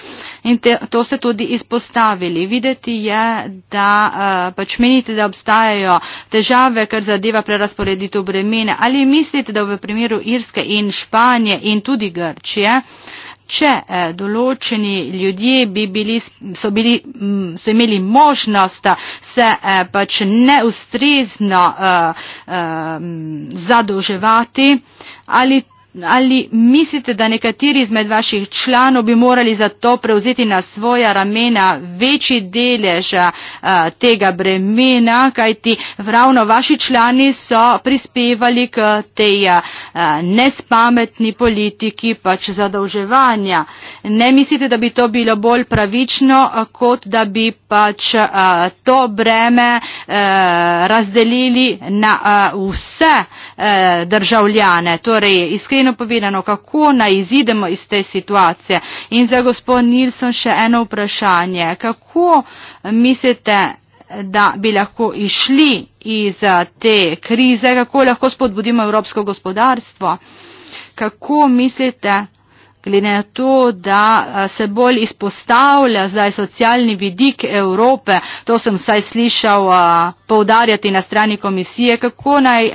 In te, to ste tudi izpostavili. Videti je, da eh, pač menite, da obstajajo težave, kar zadeva prerasporeditev bremene. Ali mislite, da v primeru Irske in Španije in tudi Grčije, če eh, določeni ljudje bi bili, so, bili, so imeli možnost se eh, pač neustrezno eh, zadolževati ali. Ali mislite, da nekateri izmed vaših članov bi morali za to prevzeti na svoja ramena večji delež tega bremena, kajti ravno vaši člani so prispevali k tej a, nespametni politiki pač zadolževanja? Ne mislite, da bi to bilo bolj pravično, a, kot da bi pač a, to breme a, e, razdelili na a, vse a, e, državljane? Torej, iskri, iskreno povedano, kako naj izidemo iz te situacije. In za gospod Nilsson še eno vprašanje. Kako mislite, da bi lahko išli iz eh, te krize, kako lahko spodbudimo evropsko gospodarstvo? Kako mislite, glede na to, da se bolj izpostavlja zdaj socialni vidik Evrope, to sem vsaj slišal poudarjati na strani komisije, kako naj,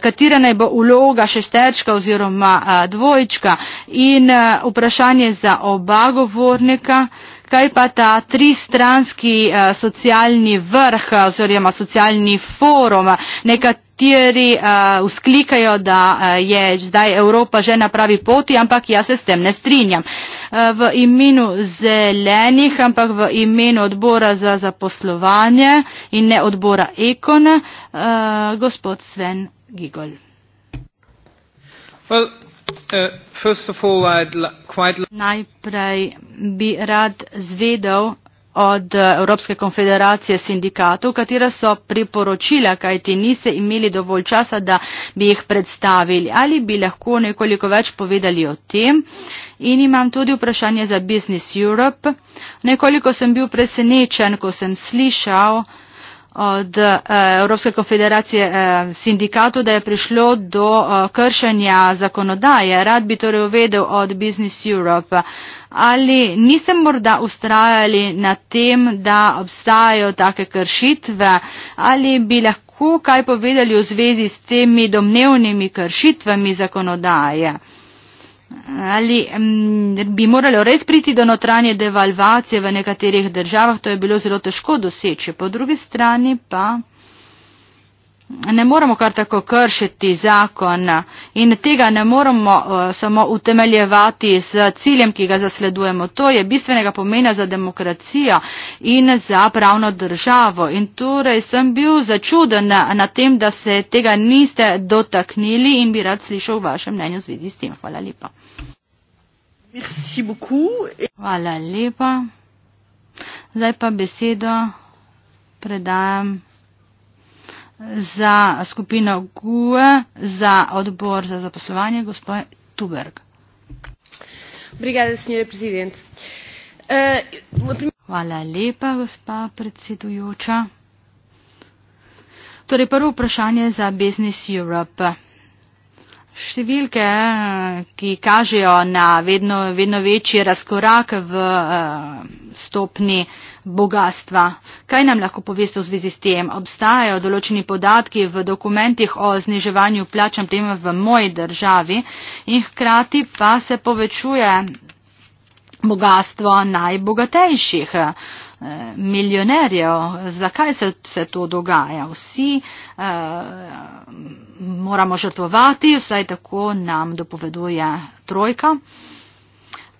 katera naj bo uloga šesterčka oziroma dvojčka in vprašanje za oba govornika. Kaj pa ta tristranski uh, socialni vrh eh, oziroma socialni forum? Nekateri uh, eh, usklikajo, da uh, je zdaj Evropa že na pravi poti, ampak jaz se s tem ne strinjam. Uh, v imenu zelenih, ampak v imenu odbora za zaposlovanje in ne odbora Ekona, uh, gospod Sven Gigol. Well. Uh, Najprej bi rad zvedel od uh, Evropske konfederacije sindikatov, katera so priporočila, kajti niste imeli dovolj časa, da bi jih predstavili. Ali bi lahko nekoliko več povedali o tem? In imam tudi vprašanje za Business Europe. Nekoliko sem bil presenečen, ko sem slišal, od eh, Evropske konfederacije eh, sindikatov, da je prišlo do eh, kršenja zakonodaje. Rad bi torej uvedel od Business Europe. Ali niste morda ustrajali na tem, da obstajajo take kršitve? Ali bi lahko kaj povedali v zvezi s temi domnevnimi kršitvami zakonodaje? Ali m, bi moralo res priti do notranje devalvacije v nekaterih državah, to je bilo zelo težko doseči. Po drugi strani pa ne moramo kar tako kršiti zakona in tega ne moramo uh, eh, samo utemeljevati z ciljem, ki ga zasledujemo. To je bistvenega pomena za demokracijo in za pravno državo. In torej sem bil začuden na, na tem, da se tega niste dotaknili in bi rad slišal vaše mnenje v zvezi s tem. Hvala lepa. Merci beaucoup. Hvala lepa. Zdaj pa besedo predajam za skupino GUE, za odbor za zaposlovanje, gospod Tuberg. Obrigada, senjore prezident. Eh, Hvala lepa, gospa predsedujoča. Torej, prvo vprašanje za Business Europe. Številke, eh, ki kažejo na vedno, vedno večji razkorak v eh, stopni bogatstva. Kaj nam lahko poveste v zvezi s tem? Obstajajo določeni podatki v dokumentih o zniževanju plač v moji državi in hkrati pa se povečuje bogatstvo najbogatejših eh, milijonerjev. Zakaj se, se to dogaja? Vsi. Uh, moramo žrtvovati, vsaj tako nam dopoveduje trojka.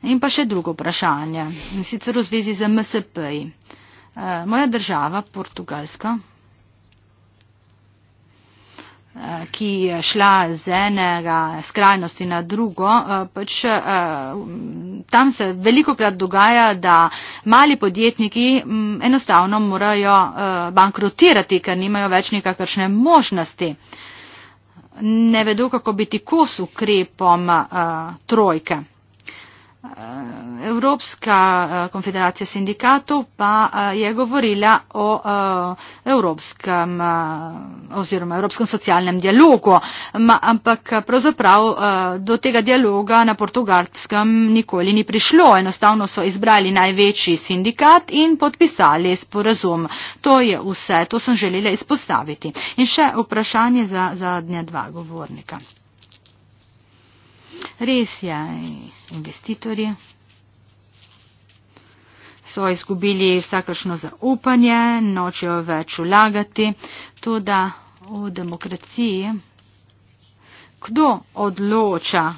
In pa še drugo vprašanje, in sicer v zvezi z MSP. Eh, moja država, Portugalska, eh, ki je šla z enega skrajnosti na drugo, eh, pač tam se veliko krat dogaja, da mali podjetniki mm, enostavno morajo bankrotirati, ker nimajo več nekakršne možnosti ne vedo kako biti kos ukrepom eh, trojke. Eh, Evropska eh, konfederacija sindikatov pa eh, je govorila o eh, evropskem, oziroma evropskem socialnem dialogu, ampak pravzaprav do tega dialoga na portugalskem nikoli ni prišlo. Enostavno so izbrali največji sindikat in podpisali sporazum. To je vse, to sem želela izpostaviti. In še vprašanje za zadnja dva govornika. Res je, investitorji so izgubili vsakršno zaupanje, nočejo več ulagati, tudi v demokraciji. Kdo odloča eh,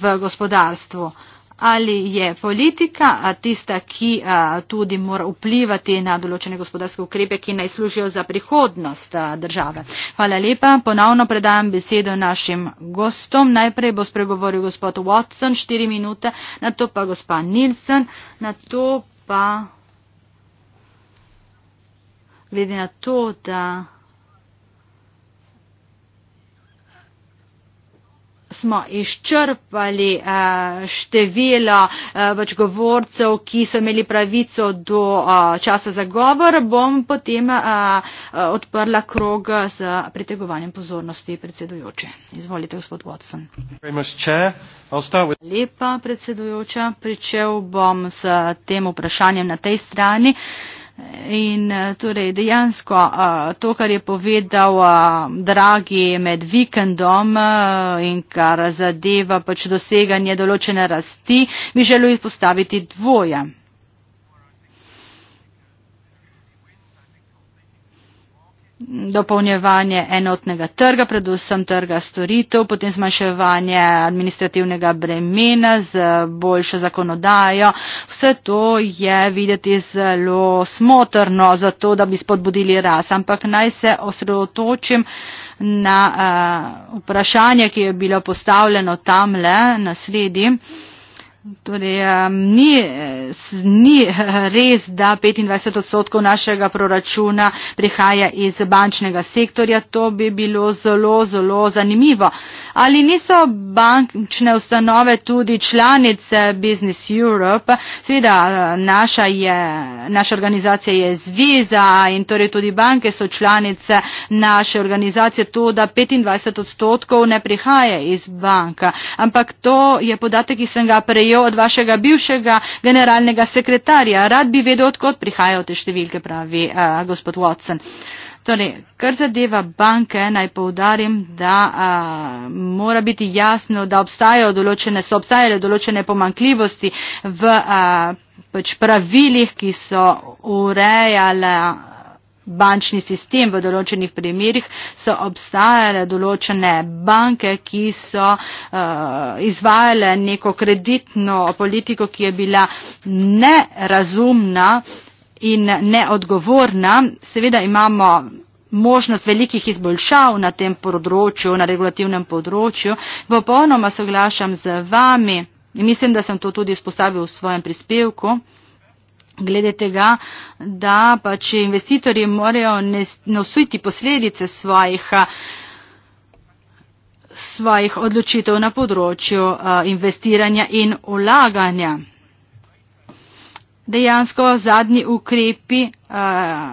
v gospodarstvu? ali je politika tista, ki tudi mora vplivati na določene gospodarske ukrepe, ki naj služijo za prihodnost države. Hvala lepa. Ponovno predajam besedo našim gostom. Najprej bo spregovoril gospod Watson, štiri minute, na to pa gospod Nilsen, na to pa. Glede na to, da. smo izčrpali eh, število več eh, pač govorcev, ki so imeli pravico do eh, časa za govor, bom potem odprla krog z pritegovanjem pozornosti predsedujoče. Izvolite, gospod Watson. Lepa predsedujoča, pričel bom s tem vprašanjem na tej strani. In eh, torej dejansko eh, to, kar je povedal eh, dragi med vikendom in kar zadeva pač doseganje določene rasti, bi želel izpostaviti dvoje. dopolnjevanje enotnega trga, predvsem trga storitev, potem zmanjševanje administrativnega bremena z boljšo zakonodajo. Vse to je videti zelo smotrno za to, da bi spodbudili ras, ampak naj se osredotočim na uh, vprašanje, ki je bilo postavljeno tamle na sledi. Uh, Torej, um, ni, ni eh, res, da 25 odstotkov našega proračuna prihaja iz bančnega sektorja. To bi bilo zelo, zelo zanimivo. Ali niso bančne ustanove tudi članice Business Europe? Sveda, eh, naša, je, naša organizacija je zviza in torej tudi banke so članice naše organizacije. To, da 25 odstotkov ne prihaja iz banka. Ampak to je podatek, ki sem ga prejel prejel od vašega bivšega generalnega sekretarja. Rad bi vedel, odkot prihajajo te številke, pravi uh, gospod Watson. Torej, kar zadeva banke, naj povdarim, da a, mora biti jasno, da obstajajo določene, so obstajale določene pomankljivosti v a, pač pravilih, ki so urejale bančni sistem v določenih primerjih, so obstajale določene banke, ki so uh, izvajale neko kreditno politiko, ki je bila nerazumna in neodgovorna. Seveda imamo možnost velikih izboljšav na tem področju, na regulativnem področju. Popolnoma soglašam z vami in mislim, da sem to tudi izpostavil v svojem prispevku glede tega, da pač investitorji morajo nositi posledice svojih eh, svojih odločitev na področju eh, investiranja in ulaganja. Dejansko zadnji ukrepi eh,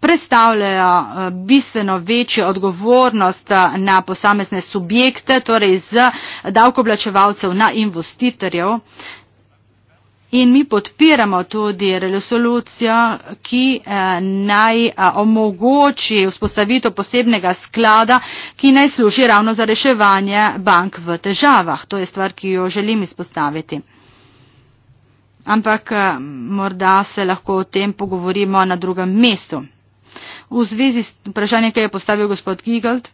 predstavljajo bistveno večjo odgovornost na posamezne subjekte, torej z davkoplačevalcev na investitorjev. In mi podpiramo tudi resolucijo, ki eh, naj eh, omogoči vzpostavitev posebnega sklada, ki naj služi ravno za reševanje bank v težavah. To je stvar, ki jo želim izpostaviti. Ampak eh, morda se lahko o tem pogovorimo na drugem mestu. V zvezi s vprašanjem, ki je postavil gospod Gigald,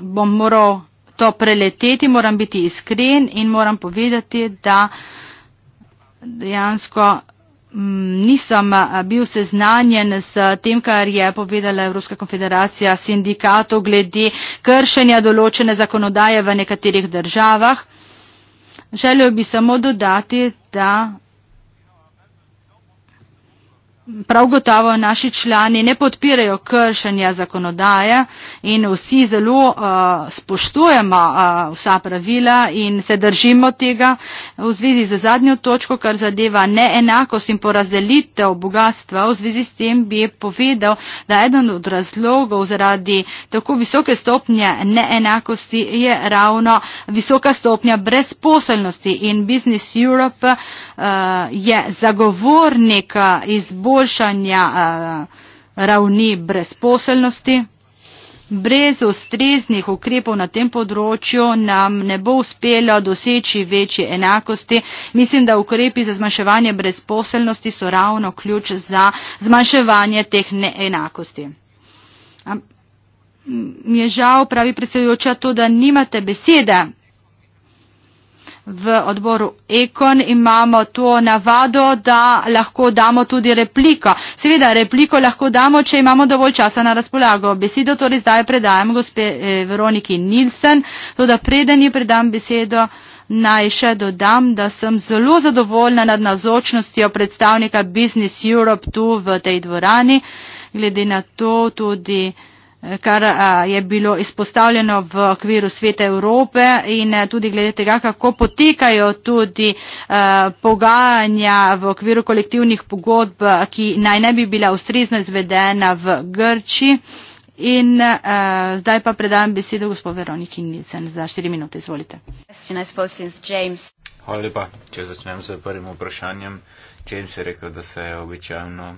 bom moral to preleteti, moram biti iskren in moram povedati, da dejansko mm, nisem bil seznanjen s tem, kar je povedala Evropska konfederacija sindikatov glede kršenja določene zakonodaje v nekaterih državah. Želel bi samo dodati, da prav gotovo naši člani ne podpirajo kršenja zakonodaje in vsi zelo uh, spoštujemo uh, vsa pravila in se držimo tega v zvezi z zadnjo točko, kar zadeva neenakost in porazdelitev bogatstva. V zvezi s tem bi povedal, da eden od razlogov zaradi tako visoke stopnje neenakosti je ravno visoka stopnja brezposelnosti in Business Europe uh, je zagovornika uh, izboljšanja izboljšanja eh, ravni brezposelnosti. Brez ustreznih ukrepov na tem področju nam ne bo uspelo doseči večje enakosti. Mislim, da ukrepi za zmanjševanje brezposelnosti so ravno ključ za zmanjševanje teh neenakosti. Mi je žal, pravi predsedujoča, to, da nimate besede v odboru Ekon imamo to navado, da lahko damo tudi repliko. Seveda, repliko lahko damo, če imamo dovolj časa na razpolago. Besedo torej zdaj predajam gospe eh, Veroniki Nilsen, to da preden ji predam besedo. Naj še dodam, da sem zelo zadovoljna nad nazočnostjo predstavnika Business Europe tu v tej dvorani, glede na to tudi kar je bilo izpostavljeno v okviru Sveta Evrope in tudi glede tega, kako potekajo tudi pogajanja v okviru kolektivnih pogodb, ki naj ne bi bila ustrezno izvedena v Grči. In uh, zdaj pa predam besedo gospod Veroniki Nilsen za 4 minute. Izvolite. Hvala lepa. Če začnem s prvim vprašanjem, James je rekel, da se, običajno,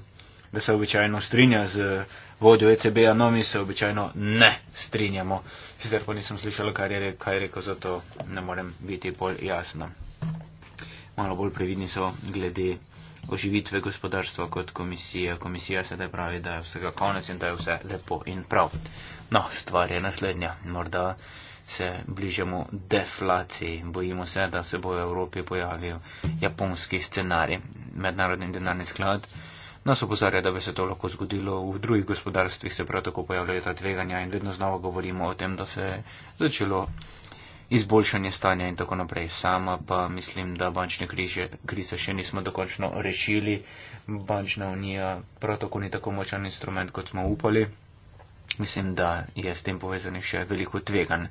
da se običajno strinja z vodjo ECB-ja, no mi se običajno ne strinjamo. Sicer pa nisem slišala, kaj je, kaj je rekel, zato ne morem biti bolj jasna. Malo bolj previdni so glede oživitve gospodarstva kot komisija. Komisija sedaj pravi, da je vsega konec in da je vse lepo in prav. No, stvar je naslednja. Morda se bližamo deflaciji. Bojimo se, da se bo v Evropi pojavil japonski scenarij. Mednarodni denarni sklad. Nas opozarja, da bi se to lahko zgodilo v drugih gospodarstvih, se prav tako pojavljajo ta tveganja in vedno znova govorimo o tem, da se je začelo izboljšanje stanja in tako naprej. Sama pa mislim, da bančne krize, krize še nismo dokončno rešili. Bančna unija prav tako ni tako močan instrument, kot smo upali. Mislim, da je s tem povezan še veliko tveganj.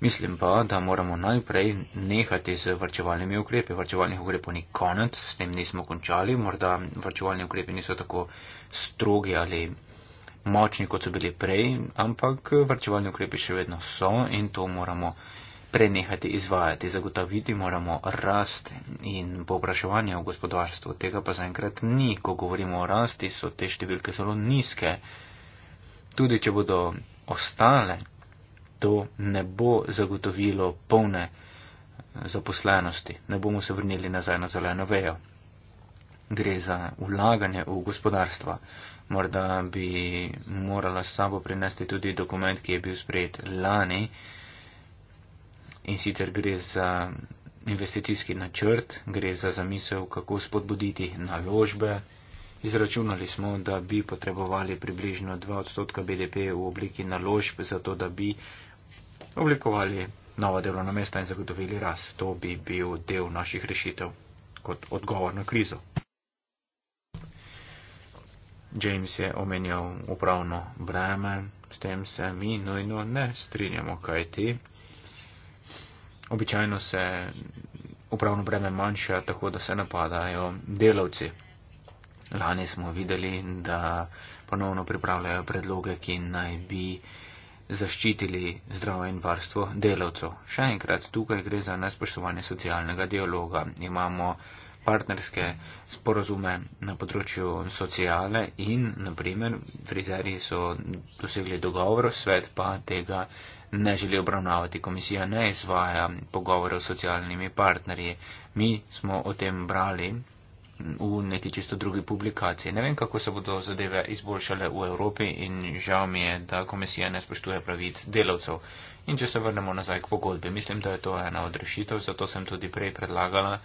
Mislim pa, da moramo najprej nehati z vrčevalnimi ukrepi. Vrčevalnih ukrepov ni konec, s tem nismo končali. Morda vrčevalni ukrepi niso tako strogi ali močni, kot so bili prej, ampak vrčevalni ukrepi še vedno so in to moramo prenehati izvajati. Zagotoviti moramo rast in povpraševanje v gospodarstvu. Tega pa zaenkrat ni. Ko govorimo o rasti, so te številke zelo nizke. Tudi če bodo ostale to ne bo zagotovilo polne zaposlenosti. Ne bomo se vrnili nazaj na zeleno vejo. Gre za ulaganje v gospodarstva. Morda bi morala s sabo prinesti tudi dokument, ki je bil sprejet lani. In sicer gre za investicijski načrt, gre za zamisel, kako spodbuditi naložbe Izračunali smo, da bi potrebovali približno 2 odstotka BDP v obliki naložb, zato da bi oblikovali nova delovna mesta in zagotovili rast. To bi bil del naših rešitev kot odgovor na krizo. James je omenjal upravno breme, s tem se mi nujno ne strinjamo, kaj ti. Običajno se upravno breme manjša, tako da se napadajo delavci. Lani smo videli, da ponovno pripravljajo predloge, ki naj bi zaščitili zdravje in varstvo delavcev. Še enkrat, tukaj gre za nespoštovanje socialnega dialoga. Imamo partnerske sporozume na področju sociale in, na primer, frizeri so dosegli dogovor, svet pa tega ne želi obravnavati. Komisija ne izvaja pogovore s socialnimi partnerji. Mi smo o tem brali v neki čisto drugi publikaciji. Ne vem, kako se bodo zadeve izboljšale v Evropi in žal mi je, da komisija ne spoštuje pravic delavcev. In če se vrnemo nazaj k pogodbi, mislim, da je to ena od rešitev, zato sem tudi prej predlagala,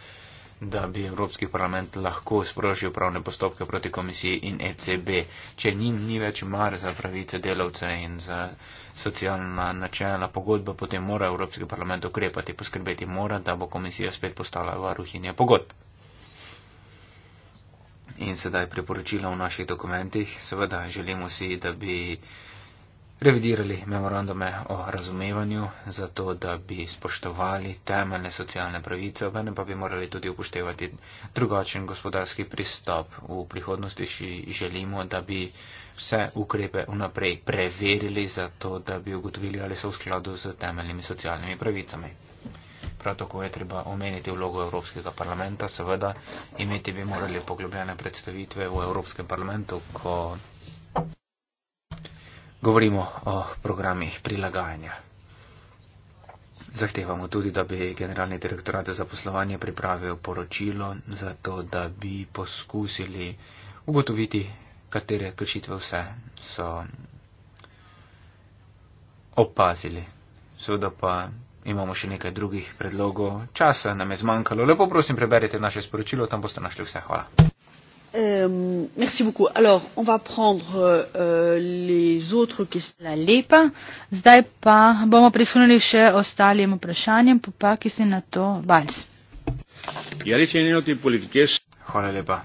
da bi Evropski parlament lahko sprožil pravne postopke proti komisiji in ECB, če njim ni več mar za pravice delavce in za socialna načela pogodba, potem mora Evropski parlament ukrepati, poskrbeti mora, da bo komisija spet postala varuhinja pogodb in sedaj priporočila v naših dokumentih. Seveda želimo si, da bi revidirali memorandume o razumevanju, zato da bi spoštovali temeljne socialne pravice, vene pa bi morali tudi upoštevati drugačen gospodarski pristop. V prihodnosti še želimo, da bi vse ukrepe vnaprej preverili, zato da bi ugotovili, ali so v skladu z temeljnimi socialnimi pravicami. Prav tako je treba omeniti vlogo Evropskega parlamenta. Seveda, imeti bi morali poglobljene predstavitve v Evropskem parlamentu, ko govorimo o programih prilagajanja. Zahtevamo tudi, da bi Generalni direktorat za poslovanje pripravil poročilo za to, da bi poskusili ugotoviti, katere kršitve vse so opazili. Seveda pa Imamo še nekaj drugih predlogov. Časa nam je zmanjkalo. Lepo prosim, preberite naše sporočilo, tam boste našli vse. Hvala. Euh, merci beaucoup. Alors, on va prendre euh, euh les autres questions. La lepa. Zdaj pa bomo prisunili še ostalim vprašanjem, pa pa ki se na to bals. Hvala lepa.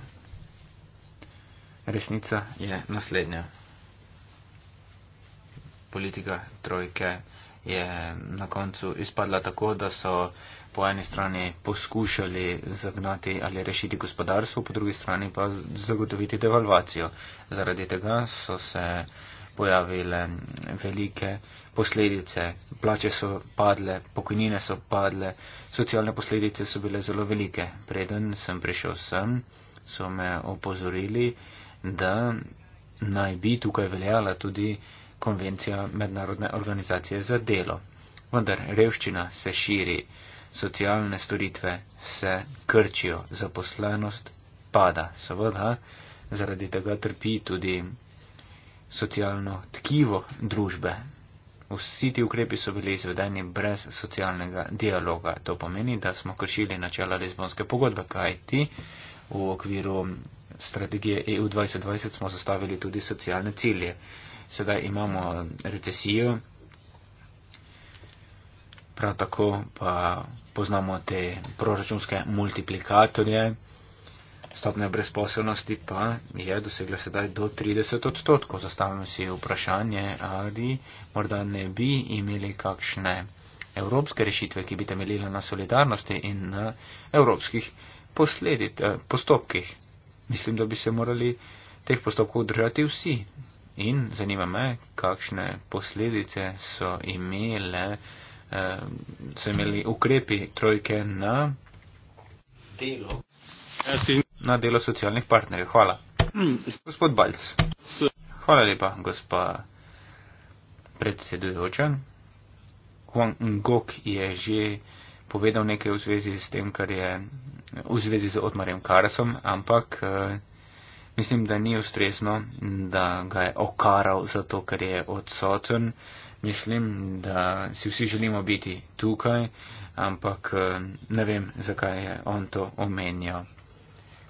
Resnica je naslednja. Politika trojke je na koncu izpadla tako, da so po eni strani poskušali zagnati ali rešiti gospodarstvo, po drugi strani pa zagotoviti devalvacijo. Zaradi tega so se pojavile velike posledice. Plače so padle, pokojnine so padle, socialne posledice so bile zelo velike. Preden sem prišel sem, so me opozorili, da naj bi tukaj veljala tudi konvencijo mednarodne organizacije za delo. Vendar revščina se širi, socialne storitve se krčijo, zaposlenost pada. Seveda, zaradi tega trpi tudi socialno tkivo družbe. Vsi ti ukrepi so bili izvedeni brez socialnega dialoga. To pomeni, da smo kršili načela Lizbonske pogodbe, kajti v okviru strategije EU 2020 smo zastavili tudi socialne cilje sedaj imamo recesijo, prav tako pa poznamo te proračunske multiplikatorje, stopnja brezposobnosti pa je dosegla sedaj do 30 odstotkov. Zastavljamo si vprašanje, ali morda ne bi imeli kakšne evropske rešitve, ki bi temeljile na solidarnosti in na evropskih posledit, eh, postopkih. Mislim, da bi se morali teh postopkov držati vsi, In zanima me, kakšne posledice so, imele, uh, so imeli ukrepi trojke na delo. Na delo socialnih partnerjev. Hvala. Gospod Balc. Hvala lepa, gospa predsedujoča. Huang Ngok je že povedal nekaj v zvezi s tem, kar je v zvezi z Otmarjem Karasom, ampak. Uh, mislim, da ni ustrezno, da ga je okaral zato, ker je odsoten. Mislim, da si vsi želimo biti tukaj, ampak eh, ne vem, zakaj je on to omenjal.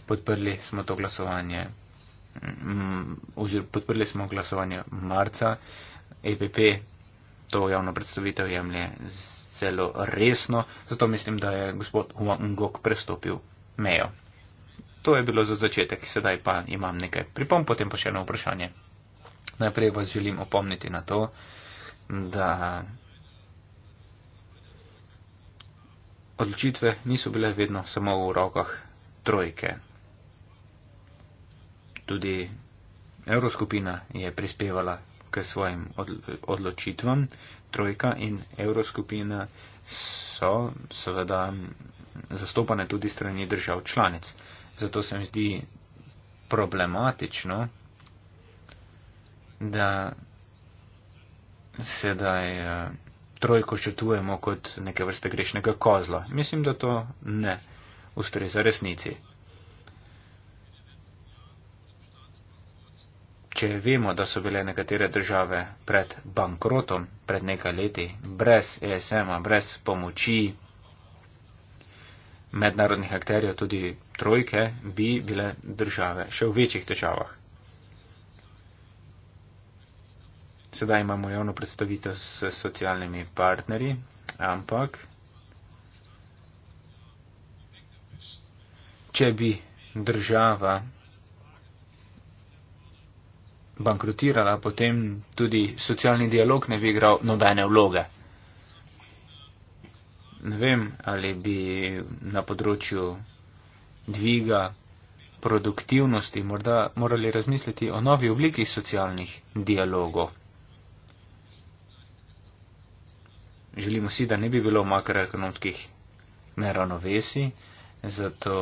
Podprli smo to glasovanje, mm, oziroma podprli smo glasovanje marca. EPP to javno predstavitev jemlje zelo resno, zato mislim, da je gospod Huang Gok prestopil mejo to je bilo za začetek, sedaj pa imam nekaj pripomb, potem pa še eno vprašanje. Najprej vas želim opomniti na to, da odločitve niso bile vedno samo v rokah trojke. Tudi Evroskupina je prispevala k svojim odločitvam. Trojka in Evroskupina so seveda zastopane tudi strani držav članic. Zato se mi zdi problematično, da sedaj eh, trojko ščetujemo kot neke vrste grešnega kozla. Mislim, da to ne ustreza resnici. Če vemo, da so bile nekatere države pred bankrotom, pred nekaj leti, brez ESM-a, brez pomoči mednarodnih akterjev, tudi trojke, bi bile države še v večjih težavah. Sedaj imamo javno predstavitev s socialnimi partnerji, ampak če bi država bankrotirala, potem tudi socialni dialog ne bi igral nobene vloge ne vem, ali bi na področju dviga produktivnosti morda morali razmisliti o novi obliki socialnih dialogov. Želimo si, da ne bi bilo makroekonomskih neravnovesi, zato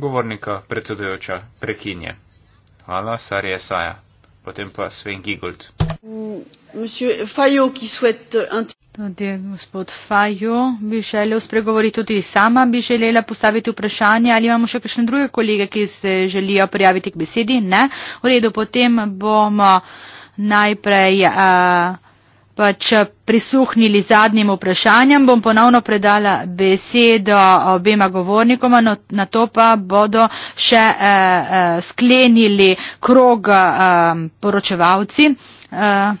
govornika predsedujoča prekinje. Hvala, Sarja Saja. Potem pa Sven Gigold. Monsieur Fayot, ki souhaite... Tudi gospod Fajo bi želel spregovoriti, tudi sama bi želela postaviti vprašanje, ali imamo še kakšne druge kolege, ki se želijo prijaviti k besedi. Ne, v redu, potem bomo najprej a, eh, pač prisuhnili zadnjim vprašanjem, bom ponovno predala besedo obema govornikoma, no, na to pa bodo še a, eh, a, eh, sklenili krog a, poročevalci. A,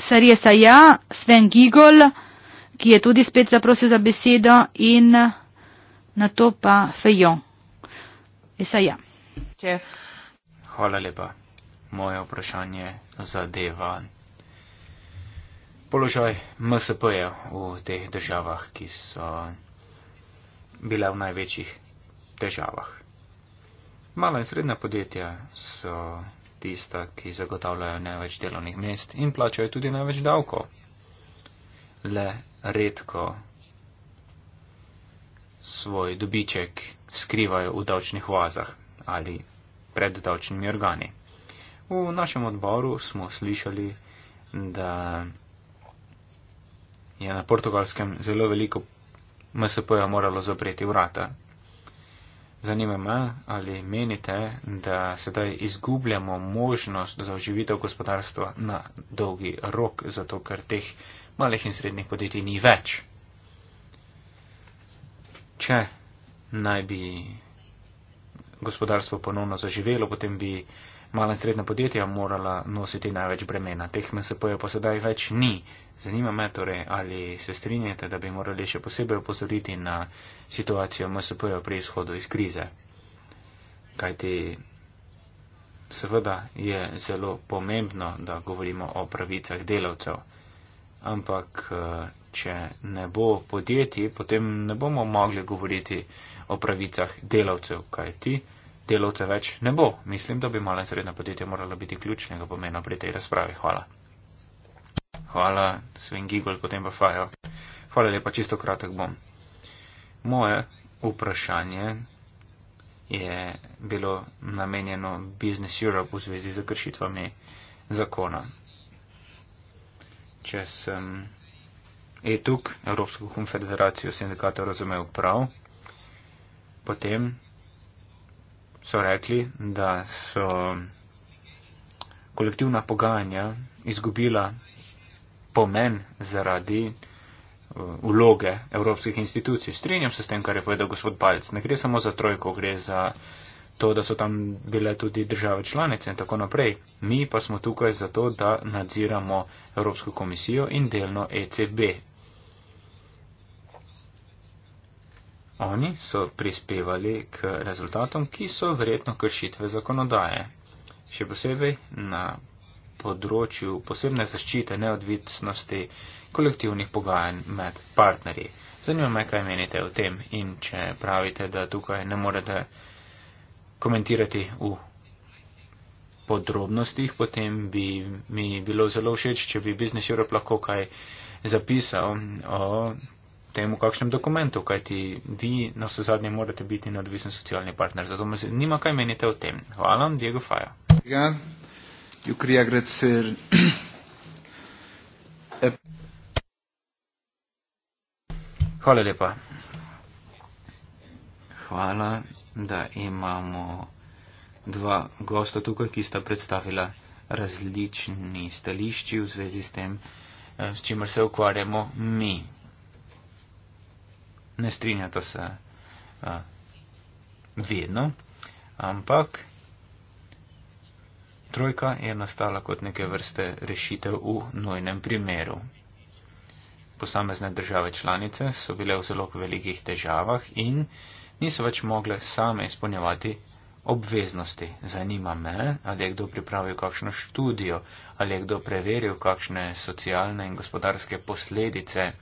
Sarije Saja, Sven Gigol, ki je tudi spet zaprosil za besedo in na to pa Fejon. Saja. Hvala lepa. Moje vprašanje zadeva položaj MSP-ja v teh državah, ki so bile v največjih težavah. Mala in srednja podjetja so tista, ki zagotavljajo največ delovnih mest in plačajo tudi največ davkov. Le redko svoj dobiček skrivajo v davčnih oazah ali pred davčnimi organi. V našem odboru smo slišali, da je na portugalskem zelo veliko MSP-ja moralo zapreti vrata, Zanima me, ali menite, da sedaj izgubljamo možnost za oživitev gospodarstva na dolgi rok, zato ker teh malih in srednjih podjetij ni več. Če naj bi gospodarstvo ponovno zaživelo, potem bi uh, mala in srednja podjetja morala nositi največ bremena. Teh MSP-jev pa sedaj več ni. Zanima me torej, ali se strinjate, da bi morali še posebej upozoriti na situacijo MSP-jev pri izhodu iz krize. Kajti seveda je zelo pomembno, da govorimo o pravicah delavcev. Ampak, eh, če ne bo podjetij, potem ne bomo mogli govoriti o pravicah delavcev, kajti delovce več ne bo. Mislim, da bi malo in srednje podjetje moralo biti ključnega pomena pri tej razpravi. Hvala. Hvala, Sven Gigol, potem pa Fajo. Hvala lepa, čisto kratek bom. Moje vprašanje je bilo namenjeno Business Europe v zvezi z kršitvami zakona. Če sem etuk, Evropsko konfederacijo sindikatov razumev prav, potem so rekli, da so kolektivna pogajanja izgubila pomen zaradi eh, vloge evropskih institucij. Strenjam se s tem, kar je povedal gospod Balc. Ne gre samo za trojko, gre za to, da so tam bile tudi države članice in tako naprej. Mi pa smo tukaj zato, da nadziramo Evropsko komisijo in delno ECB. Oni so prispevali k rezultatom, ki so verjetno kršitve zakonodaje. Še posebej na področju posebne zaščite neodvisnosti kolektivnih pogajanj med partnerji. Zanima me, kaj menite o tem in če pravite, da tukaj ne morete komentirati v podrobnostih, potem bi mi bilo zelo všeč, če bi Business Europe lahko kaj zapisal o tem, v kakšnem dokumentu, kajti vi na vse zadnje morate biti nadvisen socialni partner. Zato me zanima, kaj menite o tem. Hvala, Diego Faja. Ja, Hvala lepa. Hvala, da imamo dva gosta tukaj, ki sta predstavila različni stališči v zvezi s tem, eh, s čimer se ukvarjamo mi ne strinjata se uh, vedno, ampak trojka je nastala kot neke vrste rešitev v nujnem primeru. Posamezne države članice so bile v zelo velikih težavah in niso več mogle same izpolnjevati obveznosti. Zanima me, ali je kdo pripravil kakšno študijo, ali je kdo preveril, kakšne socialne in gospodarske posledice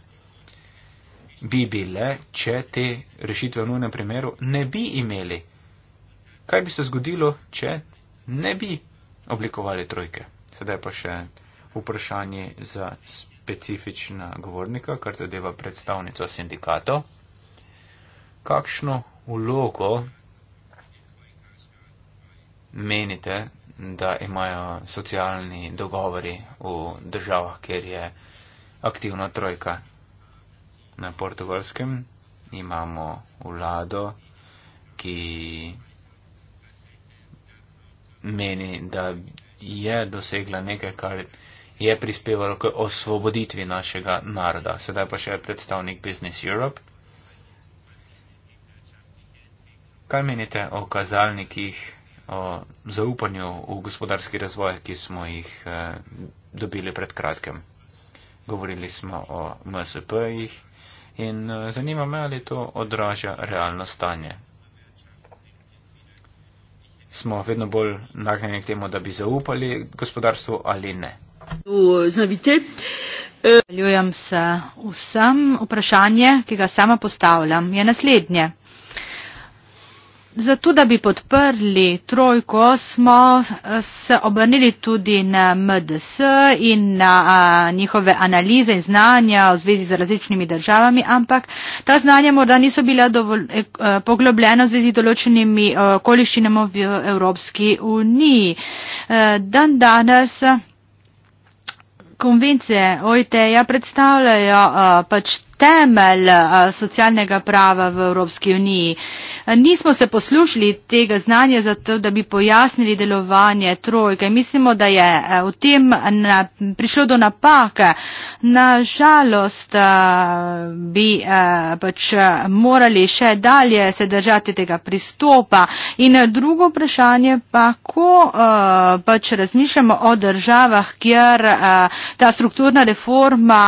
bi bile, če te rešitve v nujnem primeru ne bi imeli? Kaj bi se zgodilo, če ne bi oblikovali trojke? Sedaj pa še vprašanje za specifična govornika, kar zadeva predstavnico sindikato. Kakšno vlogo menite, da imajo socialni dogovori v državah, kjer je aktivna trojka na portugalskem imamo vlado, ki meni, da je dosegla nekaj, kar je prispevalo k osvoboditvi našega naroda. Sedaj pa še predstavnik Business Europe. Kaj menite o kazalnikih, o zaupanju v gospodarski razvoj, ki smo jih eh, dobili pred kratkem? Govorili smo o MSP-jih, In eh, zanima me, ali to odraža realno stanje. Smo vedno bolj nagnjeni k temu, da bi zaupali gospodarstvu ali ne. Eh, eh, Zahvaljujem se vsem. Vprašanje, ki ga sama postavljam, je naslednje. Zato, da bi podprli trojko, smo eh, se obrnili tudi na MDS in na njihove analize in znanja v zvezi z različnimi državami, ampak ta znanja morda niso bila dovolj eh, poglobljena v zvezi z določenimi eh, okoliščinami v Evropski uniji. Dan danes. Konvencije OIT-ja predstavljajo uh, pač temelj uh, socialnega prava v Evropski uniji. Uh, Eh, nismo se poslušali tega znanja zato, da bi pojasnili delovanje trojke. Mislimo, da je eh, v tem na, prišlo do napake. Na žalost eh, bi pač morali še dalje se držati tega pristopa. In drugo vprašanje pa, ko pač razmišljamo o državah, kjer ta strukturna reforma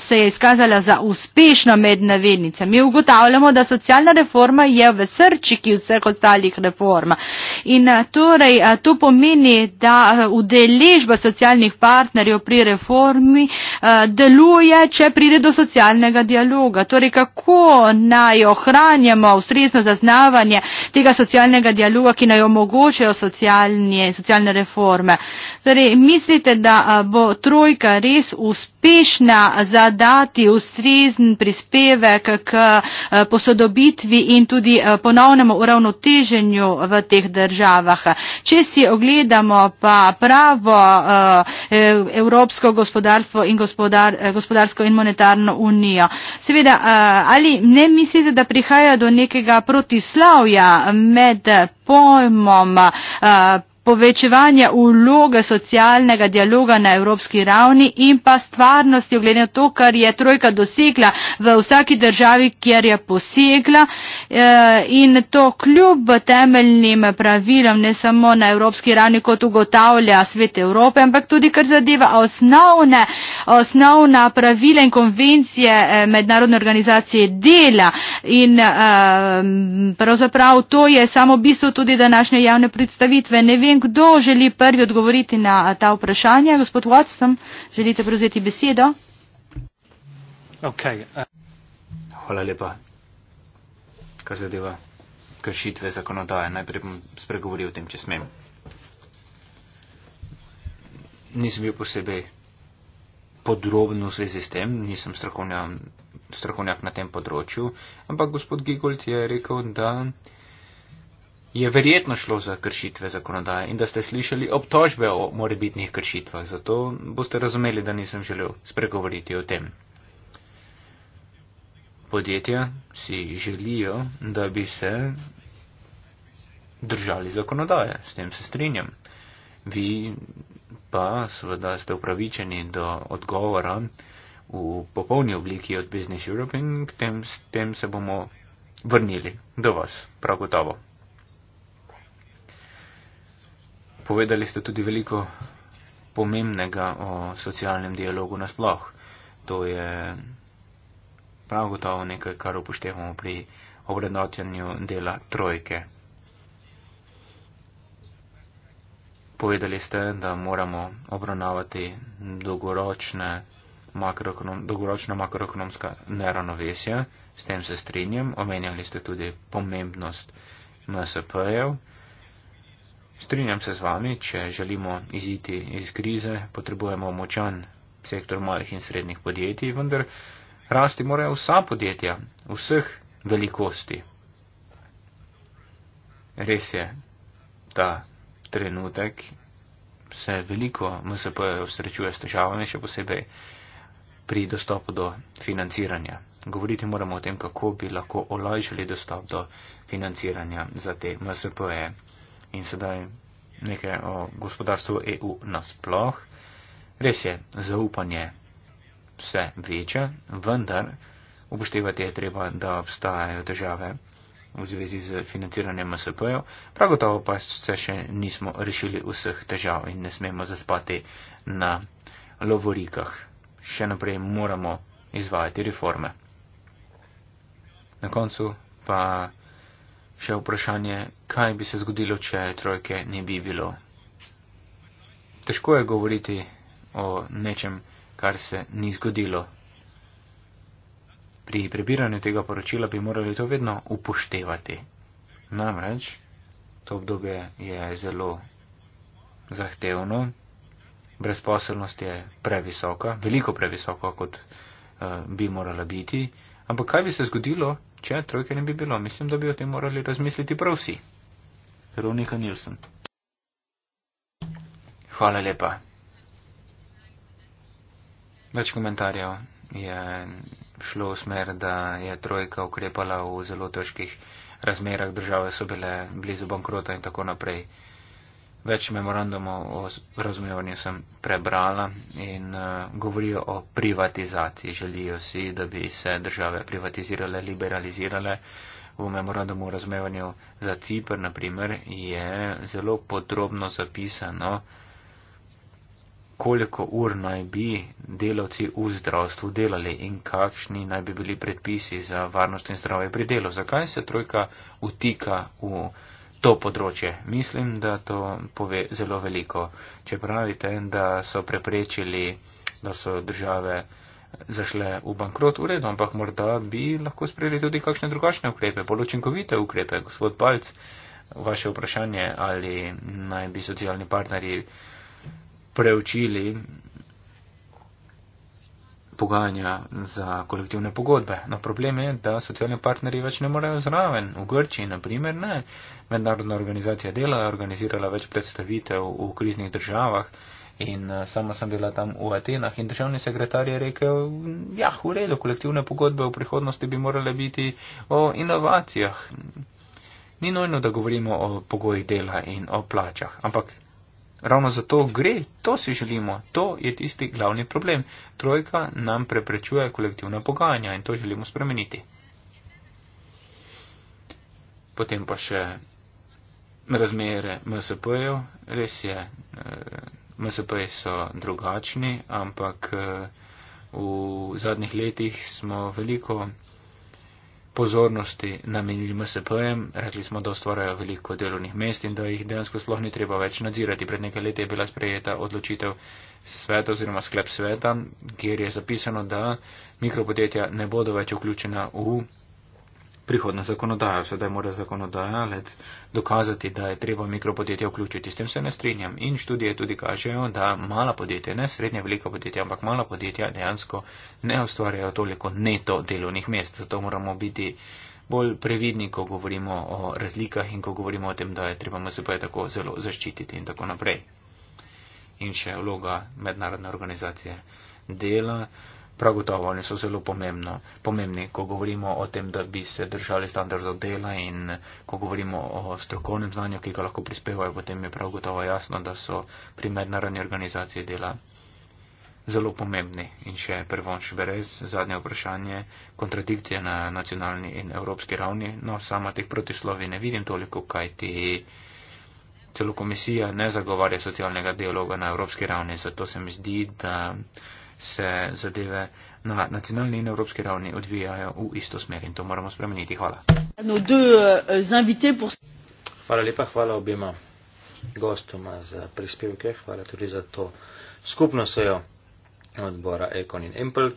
se je izkazala za uspešno med navednicami. Ugotavljamo, da socialna reforma je v srčiki vseh ostalih reform. In eh, torej eh, to pomeni, da eh, udeležba socialnih partnerjev pri reformi deluje, če pride do socialnega dialoga. Torej, kako naj ohranjamo ustrezno zaznavanje tega socialnega dialoga, ki naj omogočajo socialne reforme. Torej, mislite, da bo trojka res uspešna zadati ustrezen prispevek k posodobitvi in tudi ponovnem uravnoteženju v teh državah. Če si ogledamo pa pravo eh, eh, evropsko gospodarstvo in gospodar, eh, gospodarsko in monetarno unijo, seveda ali ne mislite, da prihaja do nekega protislavja med pojmom povečevanja uloge socialnega dialoga na evropski ravni in pa stvarnosti, oglede na to, kar je trojka dosegla v vsaki državi, kjer je posegla eh, in to kljub temeljnim pravilom, ne samo na evropski ravni, kot ugotavlja svet Evrope, ampak tudi kar zadeva osnovne, osnovna pravila in konvencije eh, mednarodne organizacije dela in eh, pravzaprav to je samo bistvo tudi današnje javne predstavitve. Ne vem, vem, kdo želi prvi odgovoriti na eh, ta vprašanja. Gospod Watson, želite prevzeti besedo? Okay. Eh. Hvala lepa. Kar zadeva kršitve zakonodaje, najprej bom spregovoril o tem, če smem. Nisem bil posebej podrobno v zvezi s tem, nisem strokovnjak, strokovnjak na tem področju, ampak gospod Gigolt je rekel, da je verjetno šlo za kršitve zakonodaje in da ste slišali obtožbe o morebitnih kršitvah, zato boste razumeli, da nisem želel spregovoriti o tem. Podjetja si želijo, da bi se držali zakonodaje, s tem se strinjam. Vi pa seveda ste upravičeni do odgovora v popolni obliki od Business Europe in k tem, tem se bomo vrnili do vas, prav gotovo. Povedali ste tudi veliko pomembnega o socialnem dialogu nasploh. To je prav gotovo nekaj, kar upoštevamo pri obrednotjanju dela trojke. Povedali ste, da moramo obravnavati dolgoročne makroekonom, dolgoročna makroekonomska neravnovesja, s tem se strinjam. Omenjali ste tudi pomembnost MSP-jev. Strinjam se z vami, če želimo iziti iz krize, potrebujemo močan sektor malih in srednjih podjetij, vendar rasti morajo vsa podjetja, vseh velikosti. Res je, ta trenutek se veliko MSP srečuje s težavami, še posebej pri dostopu do financiranja. Govoriti moramo o tem, kako bi lahko olajšali dostop do financiranja za te MSP-je. In sedaj nekaj o gospodarstvu EU nasploh. Res je, zaupanje vse veče, vendar upoštevati je treba, da obstajajo težave v zvezi z financiranjem MSP-jev. Prav gotovo pa se še nismo rešili vseh težav in ne smemo zaspati na lovorikah. Še naprej moramo izvajati reforme. Na koncu pa še vprašanje, kaj bi se zgodilo, če trojke ne bi bilo. Težko je govoriti o nečem, kar se ni zgodilo. Pri prebiranju tega poročila bi morali to vedno upoštevati. Namreč, to obdobje je zelo zahtevno, brezposelnost je previsoka, veliko previsoka, kot uh, bi morala biti. Ampak kaj bi se zgodilo, Če trojke ne bi bilo, mislim, da bi o tem morali razmisliti prav vsi. Veronika Nilsen. Hvala lepa. Več komentarjev je šlo v smer, da je trojka ukrepala v zelo težkih razmerah, države so bile blizu bankrota in tako naprej. Več memorandumov o razumevanju sem prebrala in uh, govorijo o privatizaciji. Želijo si, da bi se države privatizirale, liberalizirale. V memorandumu o razumevanju za Cipr, naprimer, je zelo podrobno zapisano, koliko ur naj bi delavci v zdravstvu delali in kakšni naj bi bili predpisi za varnost in zdravje pri delu. Zakaj se trojka utika v to področje. Mislim, da to pove zelo veliko. Če pravite, da so preprečili, da so države zašle v bankrot, v redu, ampak morda bi lahko sprejeli tudi kakšne drugačne ukrepe, bolj učinkovite ukrepe. Gospod Palc, vaše vprašanje, ali naj bi socialni partnerji preučili pogajanja za kolektivne pogodbe. No, problem je, da socialni partnerji več ne morejo zraven. V Grčiji, na primer, ne. Mednarodna organizacija dela je organizirala več predstavitev v kriznih državah in eh, sama sem bila tam v Atenah in državni sekretar je rekel, ja, v redu, kolektivne pogodbe v prihodnosti bi morale biti o inovacijah. Ni nojno, da govorimo o pogojih dela in o plačah, ampak Ravno zato gre, to si želimo, to je tisti glavni problem. Trojka nam preprečuje kolektivna pogajanja in to želimo spremeniti. Potem pa še razmere MSP-jev. Res je, eh, MSP-ji so drugačni, ampak eh, v zadnjih letih smo veliko pozornosti namenili MSP-jem, rekli smo, da ustvarjajo veliko delovnih mest in da jih dejansko sploh ni treba več nadzirati. Pred nekaj leti je bila sprejeta odločitev sveta oziroma sklep sveta, kjer je zapisano, da mikropodjetja ne bodo več vključena v prihodna zakonodaja. Sedaj mora zakonodajalec dokazati, da je treba mikropodjetja vključiti. S tem se ne strinjam. In študije tudi kažejo, da mala podjetja, ne srednje velika podjetja, ampak mala podjetja dejansko ne ustvarjajo toliko neto delovnih mest. Zato moramo biti bolj previdni, ko govorimo o razlikah in ko govorimo o tem, da je treba MSP tako zelo zaščititi in tako naprej. In še vloga mednarodne organizacije dela. Prav gotovo oni so zelo pomembno, pomembni, ko govorimo o tem, da bi se držali standardov dela in ko govorimo o strokovnem znanju, ki ga lahko prispevajo, potem je prav gotovo jasno, da so pri mednarodni organizaciji dela zelo pomembni. In še prvon šberez, zadnje vprašanje, kontradikcije na nacionalni in evropski ravni. No, sama teh protislovi ne vidim toliko, kaj ti. Celo komisija ne zagovarja socialnega dialoga na evropski ravni, zato se mi zdi, da se zadeve na nacionalni in evropski ravni odvijajo v isto smer in to moramo spremeniti. Hvala. Euh, hvala lepa, hvala obima gostoma za prispevke, hvala tudi za to skupno sejo odbora Ekon in Empel.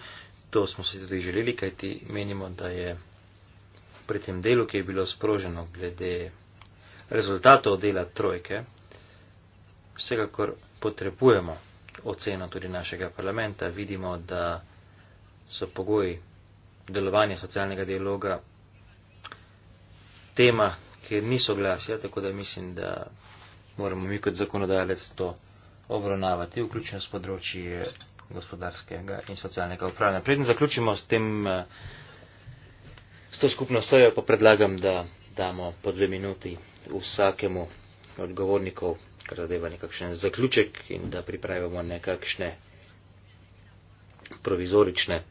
To smo se tudi želeli, kajti menimo, da je pri tem delu, ki je bilo sproženo glede rezultatov dela trojke, vsekakor potrebujemo oceno tudi našega parlamenta, vidimo, da so pogoji delovanja socialnega dialoga tema, ki ni soglasja, tako da mislim, da moramo mi kot zakonodajalec to obravnavati, vključno s področji gospodarskega in socialnega upravljanja. Preden zaključimo s tem, s to skupno sejo, pa predlagam, da damo po dve minuti vsakemu odgovornikov kar zadeva nekakšen zaključek in da pripravimo nekakšne provizorične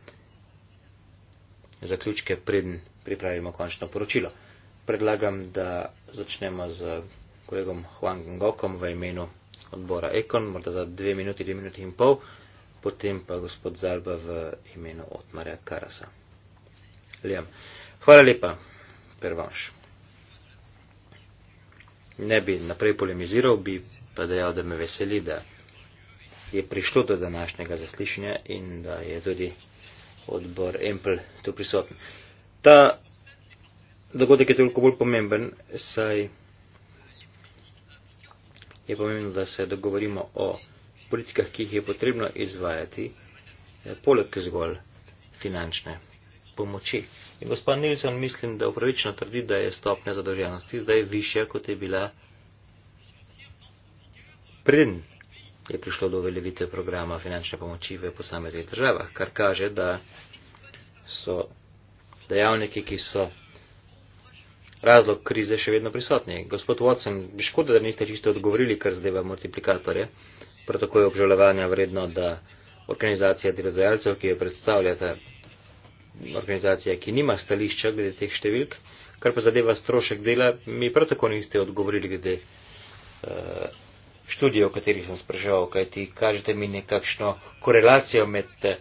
zaključke, preden pripravimo končno poročilo. Predlagam, da začnemo z kolegom Huang Gokom v imenu odbora Ekon, morda za dve minuti, dve minuti in pol, potem pa gospod Zalba v imenu Otmarja Karasa. Lijam. Hvala lepa, Pervanš ne bi naprej polemiziral, bi pa dejal, da me veseli, da je prišlo do današnjega zaslišanja in da je tudi odbor Empel tu prisoten. Ta dogodek je toliko bolj pomemben, saj je pomembno, da se dogovorimo o politikah, ki jih je potrebno izvajati, eh, poleg zgolj finančne pomoči. In gospa Nilsson mislim, da upravično trdi, da je stopnja zadolženosti zdaj više, kot je bila preden je prišlo do uveljavitve programa finančne pomoči v posameznih državah, kar kaže, da so dejavniki, ki so razlog krize še vedno prisotni. Gospod Watson, škoda, da niste čisto odgovorili, kar zadeva multiplikatorje. Prav tako je obžalovanja vredno, da organizacija delodajalcev, ki jo predstavljate, organizacija, ki nima stališča glede teh številk, kar pa zadeva strošek dela, mi prav tako niste odgovorili glede eh, študije, o kateri sem spraševal, kajti kažete mi nekakšno korelacijo med eh,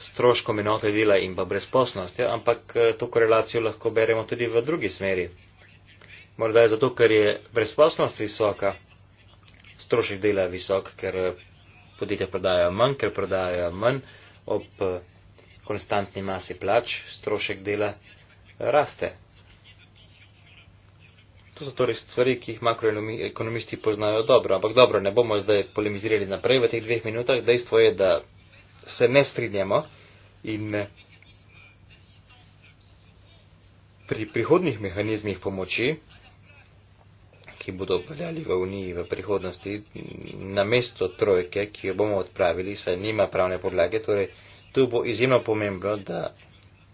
stroškom enote dela in pa brezposlostjo, ampak eh, to korelacijo lahko beremo tudi v drugi smeri. Morda je zato, ker je brezposlost visoka, strošek dela je visok, ker podjetja prodajajo manj, ker prodajajo manj ob konstantni masi plač, strošek dela raste. To so torej stvari, ki jih makroekonomisti poznajo dobro. Ampak dobro, ne bomo zdaj polemizirali naprej v teh dveh minutah. Dejstvo je, da se ne strinjamo in eh, pri prihodnih mehanizmih pomoči, ki bodo obveljali v Uniji v prihodnosti, namesto trojke, ki jo bomo odpravili, saj nima pravne podlage, torej Tu bo izjemno pomembno, da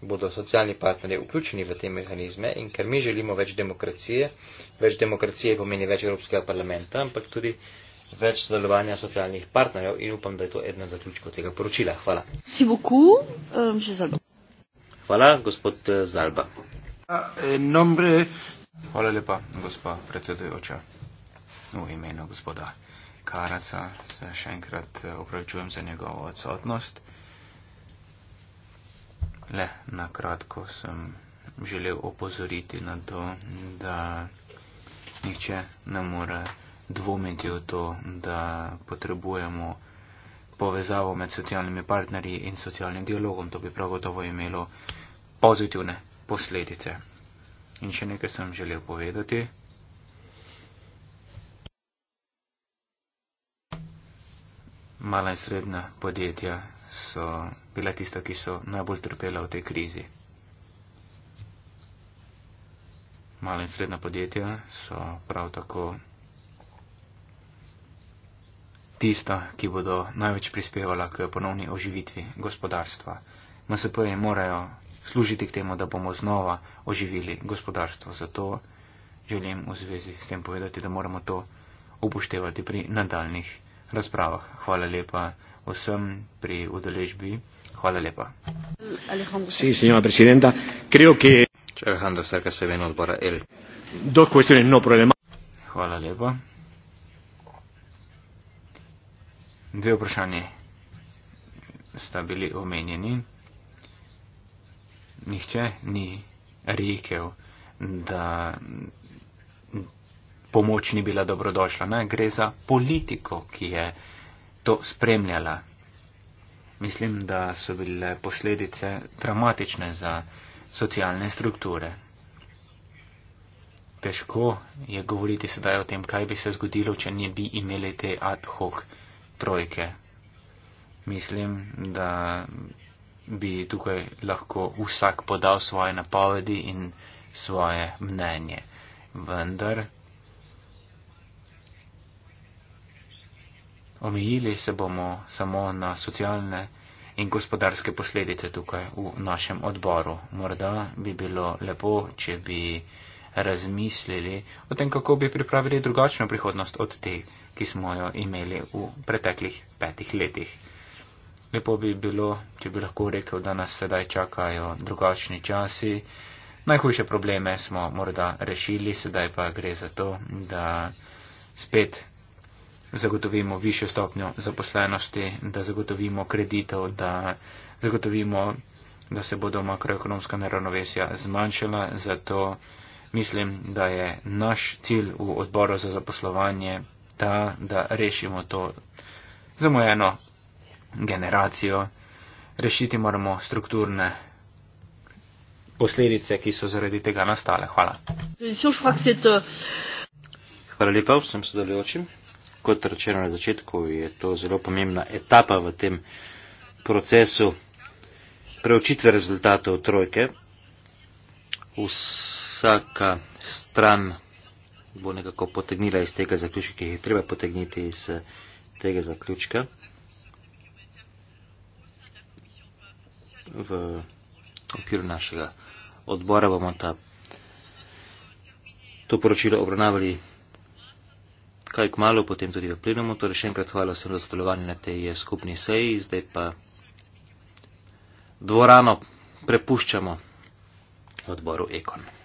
bodo socialni partnerji vključeni v te mehanizme in ker mi želimo več demokracije, več demokracije pomeni več Evropskega parlamenta, ampak tudi več sodelovanja socialnih partnerjev in upam, da je to eden zaključkov tega poročila. Hvala. Si voku, um, še zelo. Hvala, gospod eh, Zalba. Eh, Hvala lepa, gospod predsedujoča. V imenu gospoda Karasa se še enkrat eh, opravičujem za njegovo odsotnost. Le na kratko sem želel opozoriti na to, da nihče ne more dvomiti v to, da potrebujemo povezavo med socialnimi partnerji in socialnim dialogom. To bi prav gotovo imelo pozitivne posledice. In še nekaj sem želel povedati. Mala in srednja podjetja so bila tista, ki so najbolj trpela v tej krizi. Mala in srednja podjetja so prav tako tista, ki bodo največ prispevala k ponovni oživitvi gospodarstva. MSP-je morajo služiti k temu, da bomo znova oživili gospodarstvo. Zato želim v zvezi s tem povedati, da moramo to upoštevati pri nadaljnih razpravah. Hvala lepa vsem pri udeležbi. Hvala lepa. No Hvala lepa. Dve vprašanje sta bili omenjeni. Nihče ni rekel, da pomoč ni bila dobrodošla. Ne? Gre za politiko, ki je to spremljala. Mislim, da so bile posledice dramatične za socialne strukture. Težko je govoriti sedaj o tem, kaj bi se zgodilo, če ne bi imeli te ad hoc trojke. Mislim, da bi tukaj lahko vsak podal svoje napovedi in svoje mnenje. Vendar omejili se bomo samo na socialne in gospodarske posledice tukaj v našem odboru. Morda bi bilo lepo, če bi razmislili o tem, kako bi pripravili drugačno prihodnost od te, ki smo jo imeli v preteklih petih letih. Lepo bi bilo, če bi lahko rekel, da nas sedaj čakajo drugačni časi. Najhujše probleme smo morda rešili, sedaj pa gre za to, da spet zagotovimo višjo stopnjo zaposlenosti, da zagotovimo kreditev, da zagotovimo, da se bodo makroekonomska neravnovesja zmanjšala. Zato mislim, da je naš cilj v odboru za zaposlovanje ta, da rešimo to zamojeno generacijo. Rešiti moramo strukturne posledice, ki so zaradi tega nastale. Hvala. Hvala lepa vsem sodelujočim kot rečeno na začetku, je to zelo pomembna etapa v tem procesu preučitve rezultatov trojke. Vsaka stran bo nekako potegnila iz tega zaključka, ki jih je treba potegniti iz eh, tega zaključka. V okviru našega odbora bomo ta, to poročilo obravnavali kaj k malu, potem tudi v plenumu. Torej, še enkrat hvala vsem za sodelovanje na tej eh, skupni seji. Zdaj pa dvorano prepuščamo odboru Ekon.